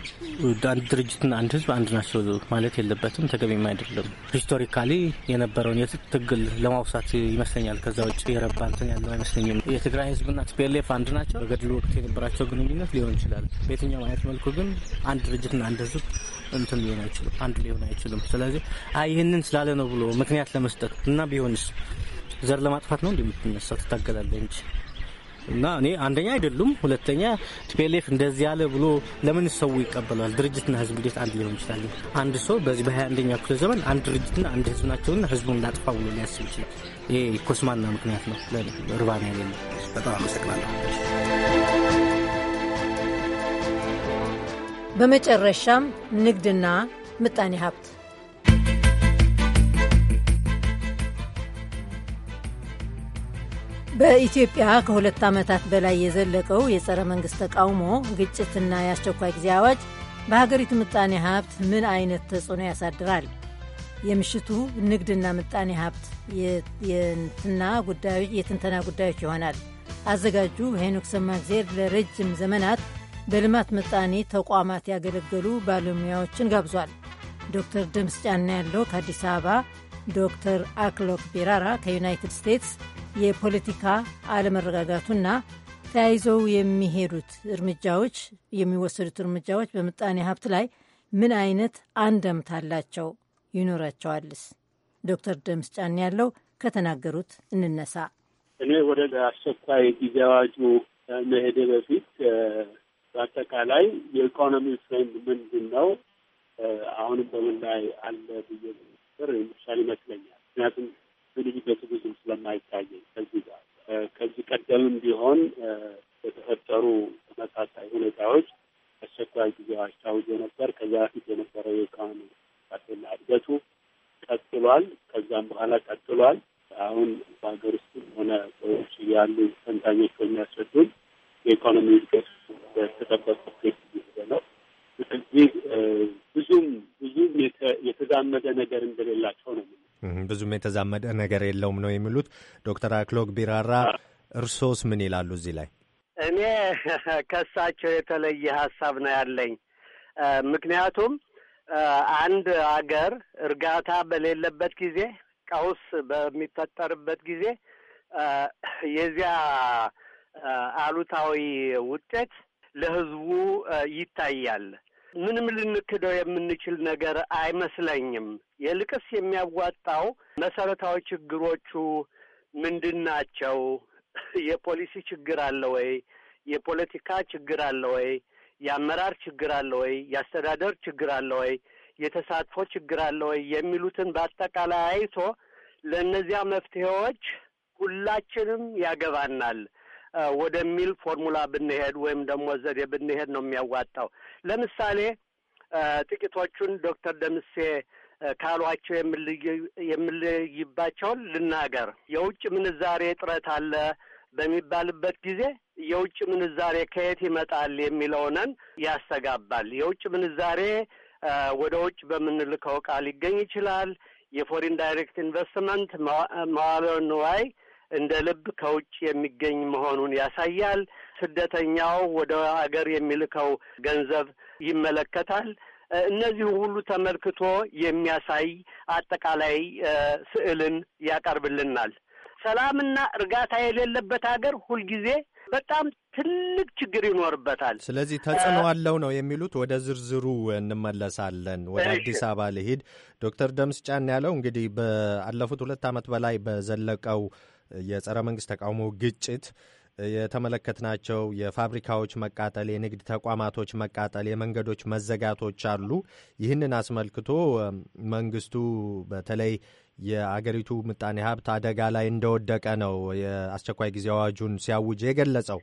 አንድ ድርጅትና አንድ ህዝብ አንድ ናቸው ማለት የለበትም፣ ተገቢም አይደለም። ሂስቶሪካሊ የነበረውን ትግል ለማውሳት ይመስለኛል። ከዛ ውጭ የረባ እንትን ያለው አይመስለኝም። የትግራይ ህዝብና ቲፒኤልኤፍ አንድ ናቸው። በገድሉ ወቅት የነበራቸው ግንኙነት ሊሆን ይችላል። በየትኛውም አይነት መልኩ ግን አንድ ድርጅትና አንድ ህዝብ እንትን ሊሆን አይችልም፣ አንድ ሊሆን አይችልም። ስለዚህ አይ ይህንን ስላለ ነው ብሎ ምክንያት ለመስጠት እና ቢሆንስ ዘር ለማጥፋት ነው እንደምትነሳው ትታገላለህ እንጂ እና እኔ አንደኛ አይደሉም፣ ሁለተኛ ቲፒኤልኤፍ እንደዚህ ያለ ብሎ ለምን ሰው ይቀበለዋል? ድርጅትና ህዝብ እንዴት አንድ ሊሆን ይችላል? አንድ ሰው በዚህ በሀያ አንደኛ ክፍለ ዘመን አንድ ድርጅትና አንድ ህዝብ ናቸውና ህዝቡን ላጥፋ ብሎ ሊያስብ ይችላል? ይሄ ኮስማና ምክንያት ነው እርባና ያለ። በጣም አመሰግናለሁ። በመጨረሻም ንግድና ምጣኔ ሀብት በኢትዮጵያ ከሁለት ዓመታት በላይ የዘለቀው የጸረ መንግሥት ተቃውሞ፣ ግጭትና የአስቸኳይ ጊዜ አዋጅ በሀገሪቱ ምጣኔ ሀብት ምን አይነት ተጽዕኖ ያሳድራል? የምሽቱ ንግድና ምጣኔ ሀብት የትንተና ጉዳዮች ይሆናል። አዘጋጁ ሄኖክ ሰማግዜር ለረጅም ዘመናት በልማት ምጣኔ ተቋማት ያገለገሉ ባለሙያዎችን ጋብዟል። ዶክተር ደምስ ጫና ያለው ከአዲስ አበባ፣ ዶክተር አክሎክ ቢራራ ከዩናይትድ ስቴትስ የፖለቲካ አለመረጋጋቱና ተያይዘው የሚሄዱት እርምጃዎች የሚወሰዱት እርምጃዎች በምጣኔ ሀብት ላይ ምን አይነት አንደምታ አላቸው ይኖራቸዋልስ? ዶክተር ደምስ ጫን ያለው ከተናገሩት እንነሳ። እኔ ወደ አስቸኳይ ጊዜ አዋጁ መሄዴ በፊት በአጠቃላይ የኢኮኖሚ ፍሬንድ ምንድን ነው አሁንም በምን ላይ አለ ብዬ ብር ይመስለኛል። ምክንያቱም ግንኙነቱ ብዙም ስለማይታየኝ ከዚህ ጋር ከዚህ ቀደምም ቢሆን በተፈጠሩ ተመሳሳይ ሁኔታዎች አስቸኳይ ጊዜ አስታውጆ ነበር። ከዚያ በፊት የነበረው የኢኮኖሚ እንቅስቃሴና እድገቱ ቀጥሏል። ከዛም በኋላ ቀጥሏል። አሁን በሀገር ውስጥም ሆነ በውጭ ያሉ ተንታኞች በሚያስረዱን የኢኮኖሚ እድገቱ በተጠበቁት ጊዜ ነው። ስለዚህ ብዙም ብዙም የተዛመደ ነገር እንደሌላቸው ነው ብዙም የተዛመደ ነገር የለውም ነው የሚሉት ዶክተር አክሎግ ቢራራ። እርሶስ ምን ይላሉ እዚህ ላይ? እኔ ከሳቸው የተለየ ሀሳብ ነው ያለኝ። ምክንያቱም አንድ አገር እርጋታ በሌለበት ጊዜ፣ ቀውስ በሚፈጠርበት ጊዜ የዚያ አሉታዊ ውጤት ለሕዝቡ ይታያል። ምንም ልንክደው የምንችል ነገር አይመስለኝም። ይልቅስ የሚያዋጣው መሰረታዊ ችግሮቹ ምንድን ናቸው? የፖሊሲ ችግር አለ ወይ? የፖለቲካ ችግር አለ ወይ? የአመራር ችግር አለ ወይ? የአስተዳደር ችግር አለ ወይ? የተሳትፎ ችግር አለ ወይ? የሚሉትን በአጠቃላይ አይቶ ለእነዚያ መፍትሄዎች ሁላችንም ያገባናል ወደሚል ፎርሙላ ብንሄድ ወይም ደግሞ ዘዴ ብንሄድ ነው የሚያዋጣው። ለምሳሌ ጥቂቶቹን ዶክተር ደምሴ ካሏቸው የምንለይባቸውን ልናገር። የውጭ ምንዛሬ እጥረት አለ በሚባልበት ጊዜ የውጭ ምንዛሬ ከየት ይመጣል የሚለውንን ያስተጋባል። የውጭ ምንዛሬ ወደ ውጭ በምንልከው ዕቃ ሊገኝ ይችላል። የፎሪን ዳይሬክት ኢንቨስትመንት መዋለ ንዋይ እንደ ልብ ከውጭ የሚገኝ መሆኑን ያሳያል። ስደተኛው ወደ አገር የሚልከው ገንዘብ ይመለከታል። እነዚህ ሁሉ ተመልክቶ የሚያሳይ አጠቃላይ ስዕልን ያቀርብልናል። ሰላምና እርጋታ የሌለበት ሀገር ሁልጊዜ በጣም ትልቅ ችግር ይኖርበታል። ስለዚህ ተጽዕኖ አለው ነው የሚሉት። ወደ ዝርዝሩ እንመለሳለን። ወደ አዲስ አበባ ልሂድ። ዶክተር ደምስ ጫን ያለው እንግዲህ በአለፉት ሁለት ዓመት በላይ በዘለቀው የጸረ መንግስት ተቃውሞ ግጭት የተመለከትናቸው የፋብሪካዎች መቃጠል፣ የንግድ ተቋማቶች መቃጠል፣ የመንገዶች መዘጋቶች አሉ። ይህንን አስመልክቶ መንግስቱ በተለይ የአገሪቱ ምጣኔ ሀብት አደጋ ላይ እንደወደቀ ነው የአስቸኳይ ጊዜ አዋጁን ሲያውጅ የገለጸው።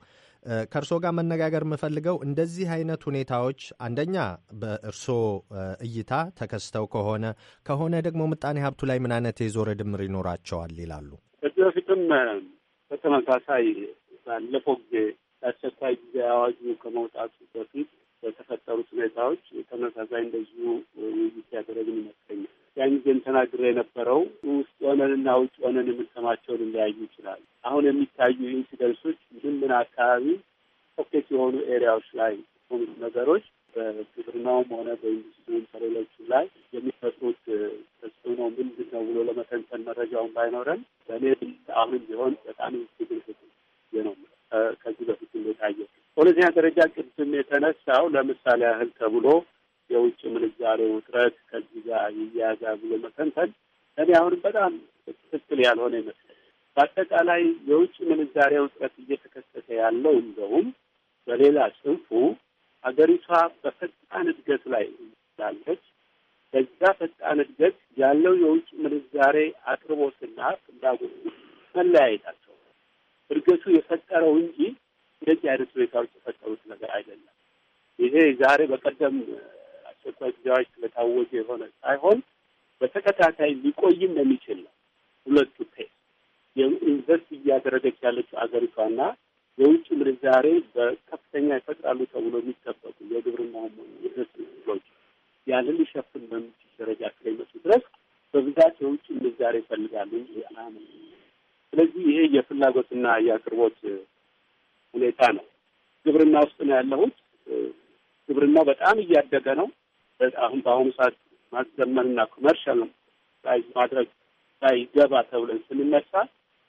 ከእርሶ ጋር መነጋገር የምፈልገው እንደዚህ አይነት ሁኔታዎች አንደኛ በእርሶ እይታ ተከስተው ከሆነ ከሆነ ደግሞ ምጣኔ ሀብቱ ላይ ምን አይነት የዞረ ድምር ይኖራቸዋል ይላሉ? ከዚህ በፊትም በተመሳሳይ ባለፈው ጊዜ ለአስቸኳይ ጊዜ አዋጁ ከመውጣቱ በፊት በተፈጠሩት ሁኔታዎች ተመሳሳይ እንደዚሁ ውይይት ያደረግን ይመስለኛል። ያን ጊዜም ተናግሬ የነበረው ውስጥ ሆነንና ውጭ ሆነን የምንሰማቸውን ሊለያዩ ይችላል። አሁን የሚታዩ ኢንሲደንሶች ምን ምን አካባቢ ፖኬት የሆኑ ኤሪያዎች ላይ ሆኑት ነገሮች በግብርናውም ሆነ በኢንዱስትሪውም ከሌሎቹ ላይ የሚፈጥሩት ተጽዕኖ ምንድን ነው ብሎ ለመተንተን መረጃውን ባይኖረን በእኔ አሁንም ቢሆን በጣም ኢንሲደንስ ጊዜ ነው ከዚህ በፊት እንደታየ በሁለተኛ ደረጃ ቅድም የተነሳው ለምሳሌ ያህል ተብሎ የውጭ ምንዛሬ ውጥረት ከዚህ ጋር ይያዛ ብሎ መተንተን እኔ አሁን በጣም ትክክል ያልሆነ ይመስላል። በአጠቃላይ የውጭ ምንዛሬ ውጥረት እየተከሰተ ያለው እንደውም በሌላ ጽንፉ ሀገሪቷ በፈጣን እድገት ላይ ላለች በዛ ፈጣን እድገት ያለው የውጭ ምንዛሬ አቅርቦትና ፍላጎት መለያየታል። እድገቱ የፈጠረው እንጂ እንደዚህ አይነት ሁኔታዎች የፈጠሩት ነገር አይደለም። ይሄ ዛሬ በቀደም አስቸኳይ ጊዜዎች አዋጅ ስለታወጀ የሆነ ሳይሆን በተከታታይ ሊቆይም የሚችል ነው። ሁለቱ ፔስ የኢንቨስት እያደረገች ያለችው አገሪቷና የውጭ ምንዛሬ በከፍተኛ ይፈጥራሉ ተብሎ የሚጠበቁ የግብርና የድረስ ያንን ሊሸፍን በሚችል ደረጃ ስለሚመጡ ድረስ በብዛት የውጭ ምንዛሬ ይፈልጋሉ እንጂ አያምን ስለዚህ ይሄ የፍላጎትና የአቅርቦት ሁኔታ ነው። ግብርና ውስጥ ነው ያለሁት። ግብርናው በጣም እያደገ ነው። አሁን በአሁኑ ሰዓት ማዘመንና ኮመርሻል ላይ ማድረግ ላይ ገባ ተብለን ስንነሳ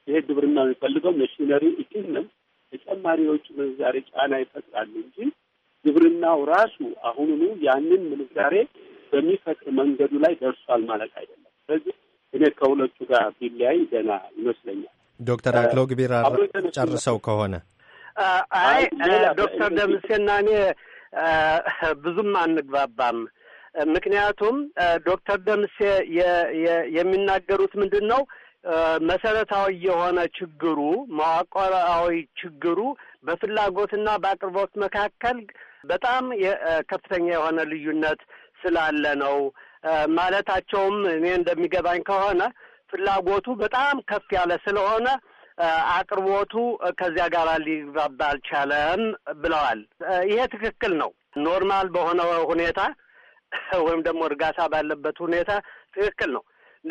ይሄ ግብርና የሚፈልገው መሽነሪ እጅንም ተጨማሪዎች ምንዛሬ ጫና ይፈጥራል እንጂ ግብርናው ራሱ አሁኑኑ ያንን ምንዛሬ በሚፈጥር መንገዱ ላይ ደርሷል ማለት አይደለም። ስለዚህ እኔ ከሁለቱ ጋር ቢለያይ ደህና ይመስለኛል። ዶክተር አክሎግ ቢራ ጨርሰው ከሆነ አይ ዶክተር ደምሴና እኔ ብዙም አንግባባም። ምክንያቱም ዶክተር ደምሴ የሚናገሩት ምንድን ነው? መሰረታዊ የሆነ ችግሩ መዋቅራዊ ችግሩ በፍላጎትና በአቅርቦት መካከል በጣም ከፍተኛ የሆነ ልዩነት ስላለ ነው ማለታቸውም እኔ እንደሚገባኝ ከሆነ ፍላጎቱ በጣም ከፍ ያለ ስለሆነ አቅርቦቱ ከዚያ ጋር ሊግባባ አልቻለም ብለዋል። ይሄ ትክክል ነው። ኖርማል በሆነ ሁኔታ ወይም ደግሞ እርጋታ ባለበት ሁኔታ ትክክል ነው።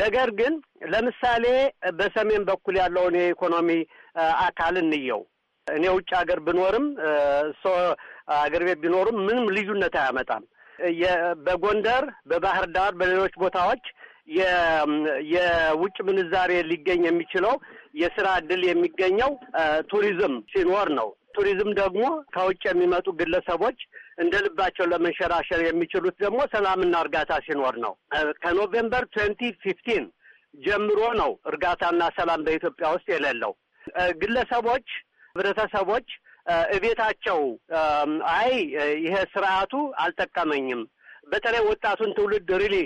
ነገር ግን ለምሳሌ በሰሜን በኩል ያለውን የኢኮኖሚ አካል እንየው። እኔ ውጭ ሀገር ብኖርም እሶ አገር ቤት ቢኖርም ምንም ልዩነት አያመጣም። በጎንደር፣ በባህር ዳር፣ በሌሎች ቦታዎች የውጭ ምንዛሬ ሊገኝ የሚችለው የስራ እድል የሚገኘው ቱሪዝም ሲኖር ነው። ቱሪዝም ደግሞ ከውጭ የሚመጡ ግለሰቦች እንደ ልባቸው ለመንሸራሸር የሚችሉት ደግሞ ሰላምና እርጋታ ሲኖር ነው። ከኖቬምበር ትዌንቲ ፊፍቲን ጀምሮ ነው እርጋታና ሰላም በኢትዮጵያ ውስጥ የሌለው ግለሰቦች፣ ህብረተሰቦች እቤታቸው አይ ይሄ ስርዓቱ አልጠቀመኝም። በተለይ ወጣቱን ትውልድ ሪሊ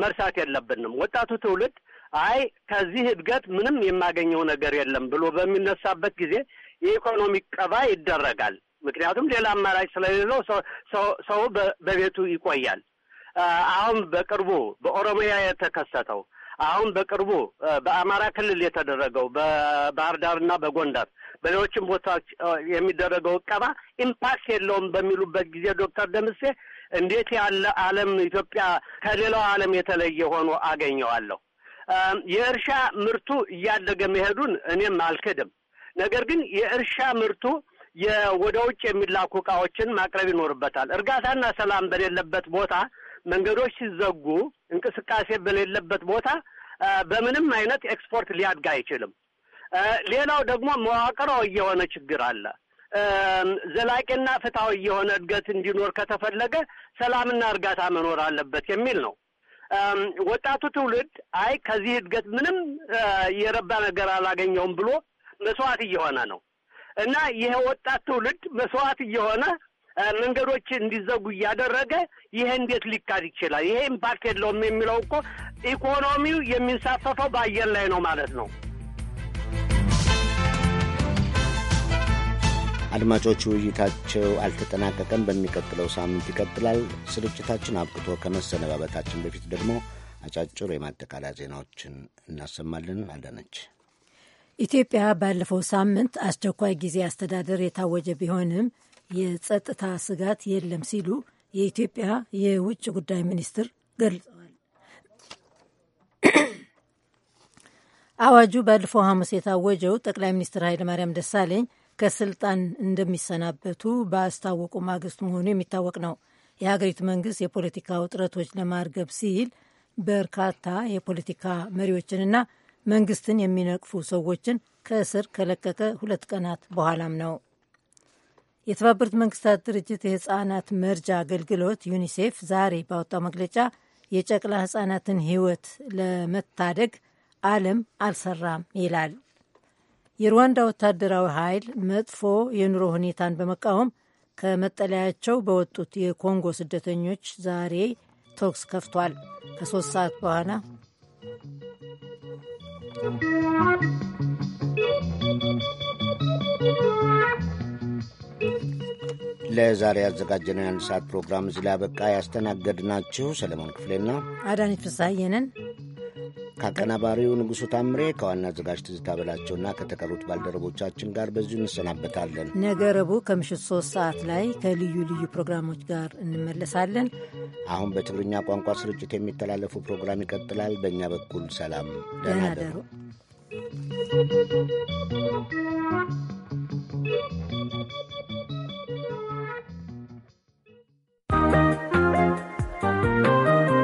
መርሳት የለብንም። ወጣቱ ትውልድ አይ ከዚህ እድገት ምንም የማገኘው ነገር የለም ብሎ በሚነሳበት ጊዜ የኢኮኖሚ ቀባ ይደረጋል። ምክንያቱም ሌላ አማራጭ ስለሌለው ሰው በቤቱ ይቆያል። አሁን በቅርቡ በኦሮሚያ የተከሰተው አሁን በቅርቡ በአማራ ክልል የተደረገው በባህር ዳርና በጎንደር በሌሎችም ቦታዎች የሚደረገው እቀባ ኢምፓክት የለውም በሚሉበት ጊዜ ዶክተር ደምሴ እንዴት ያለ ዓለም ኢትዮጵያ ከሌላው ዓለም የተለየ ሆኖ አገኘዋለሁ። የእርሻ ምርቱ እያደገ መሄዱን እኔም አልክድም። ነገር ግን የእርሻ ምርቱ ወደ ውጭ የሚላኩ እቃዎችን ማቅረብ ይኖርበታል። እርጋታና ሰላም በሌለበት ቦታ መንገዶች ሲዘጉ እንቅስቃሴ በሌለበት ቦታ በምንም አይነት ኤክስፖርት ሊያድግ አይችልም። ሌላው ደግሞ መዋቅራዊ የሆነ ችግር አለ። ዘላቂና ፍትሐዊ የሆነ እድገት እንዲኖር ከተፈለገ ሰላምና እርጋታ መኖር አለበት የሚል ነው። ወጣቱ ትውልድ አይ ከዚህ እድገት ምንም የረባ ነገር አላገኘውም ብሎ መስዋዕት እየሆነ ነው እና ይሄ ወጣት ትውልድ መስዋዕት እየሆነ መንገዶች እንዲዘጉ እያደረገ ይሄ እንዴት ሊካድ ይችላል? ይሄ ኢምፓክት የለውም የሚለው እኮ ኢኮኖሚው የሚንሳፈፈው በአየር ላይ ነው ማለት ነው። አድማጮቹ ውይይታቸው አልተጠናቀቀም፣ በሚቀጥለው ሳምንት ይቀጥላል። ስርጭታችን አብቅቶ ከመሰነባበታችን በፊት ደግሞ አጫጭር የማጠቃለያ ዜናዎችን እናሰማለን። አለነች ኢትዮጵያ ባለፈው ሳምንት አስቸኳይ ጊዜ አስተዳደር የታወጀ ቢሆንም የጸጥታ ስጋት የለም ሲሉ የኢትዮጵያ የውጭ ጉዳይ ሚኒስትር ገልጸዋል። አዋጁ ባለፈው ሐሙስ የታወጀው ጠቅላይ ሚኒስትር ኃይለማርያም ደሳለኝ ከስልጣን እንደሚሰናበቱ በአስታወቁ ማግስት መሆኑ የሚታወቅ ነው። የሀገሪቱ መንግስት የፖለቲካ ውጥረቶች ለማርገብ ሲል በርካታ የፖለቲካ መሪዎችንና መንግስትን የሚነቅፉ ሰዎችን ከእስር ከለቀቀ ሁለት ቀናት በኋላም ነው። የተባበሩት መንግስታት ድርጅት የህፃናት መርጃ አገልግሎት ዩኒሴፍ ዛሬ ባወጣው መግለጫ የጨቅላ ህፃናትን ህይወት ለመታደግ ዓለም አልሰራም ይላል። የሩዋንዳ ወታደራዊ ኃይል መጥፎ የኑሮ ሁኔታን በመቃወም ከመጠለያቸው በወጡት የኮንጎ ስደተኞች ዛሬ ተኩስ ከፍቷል። ከሶስት ሰዓት በኋላ Thank you. ለዛሬ ያዘጋጀነው የአንድ ሰዓት ፕሮግራም እዚህ ላይ አበቃ። ያስተናገድናችሁ ሰለሞን ክፍሌና አዳነች ፍስሐየንን ከአቀናባሪው ንጉሡ ታምሬ ከዋና አዘጋጅ ትዝታ በላቸውና ከተቀሩት ባልደረቦቻችን ጋር በዚሁ እንሰናበታለን። ነገ ረቡዕ ከምሽት ሶስት ሰዓት ላይ ከልዩ ልዩ ፕሮግራሞች ጋር እንመለሳለን። አሁን በትግርኛ ቋንቋ ስርጭት የሚተላለፉ ፕሮግራም ይቀጥላል። በእኛ በኩል ሰላም፣ ደህና ደሩ። you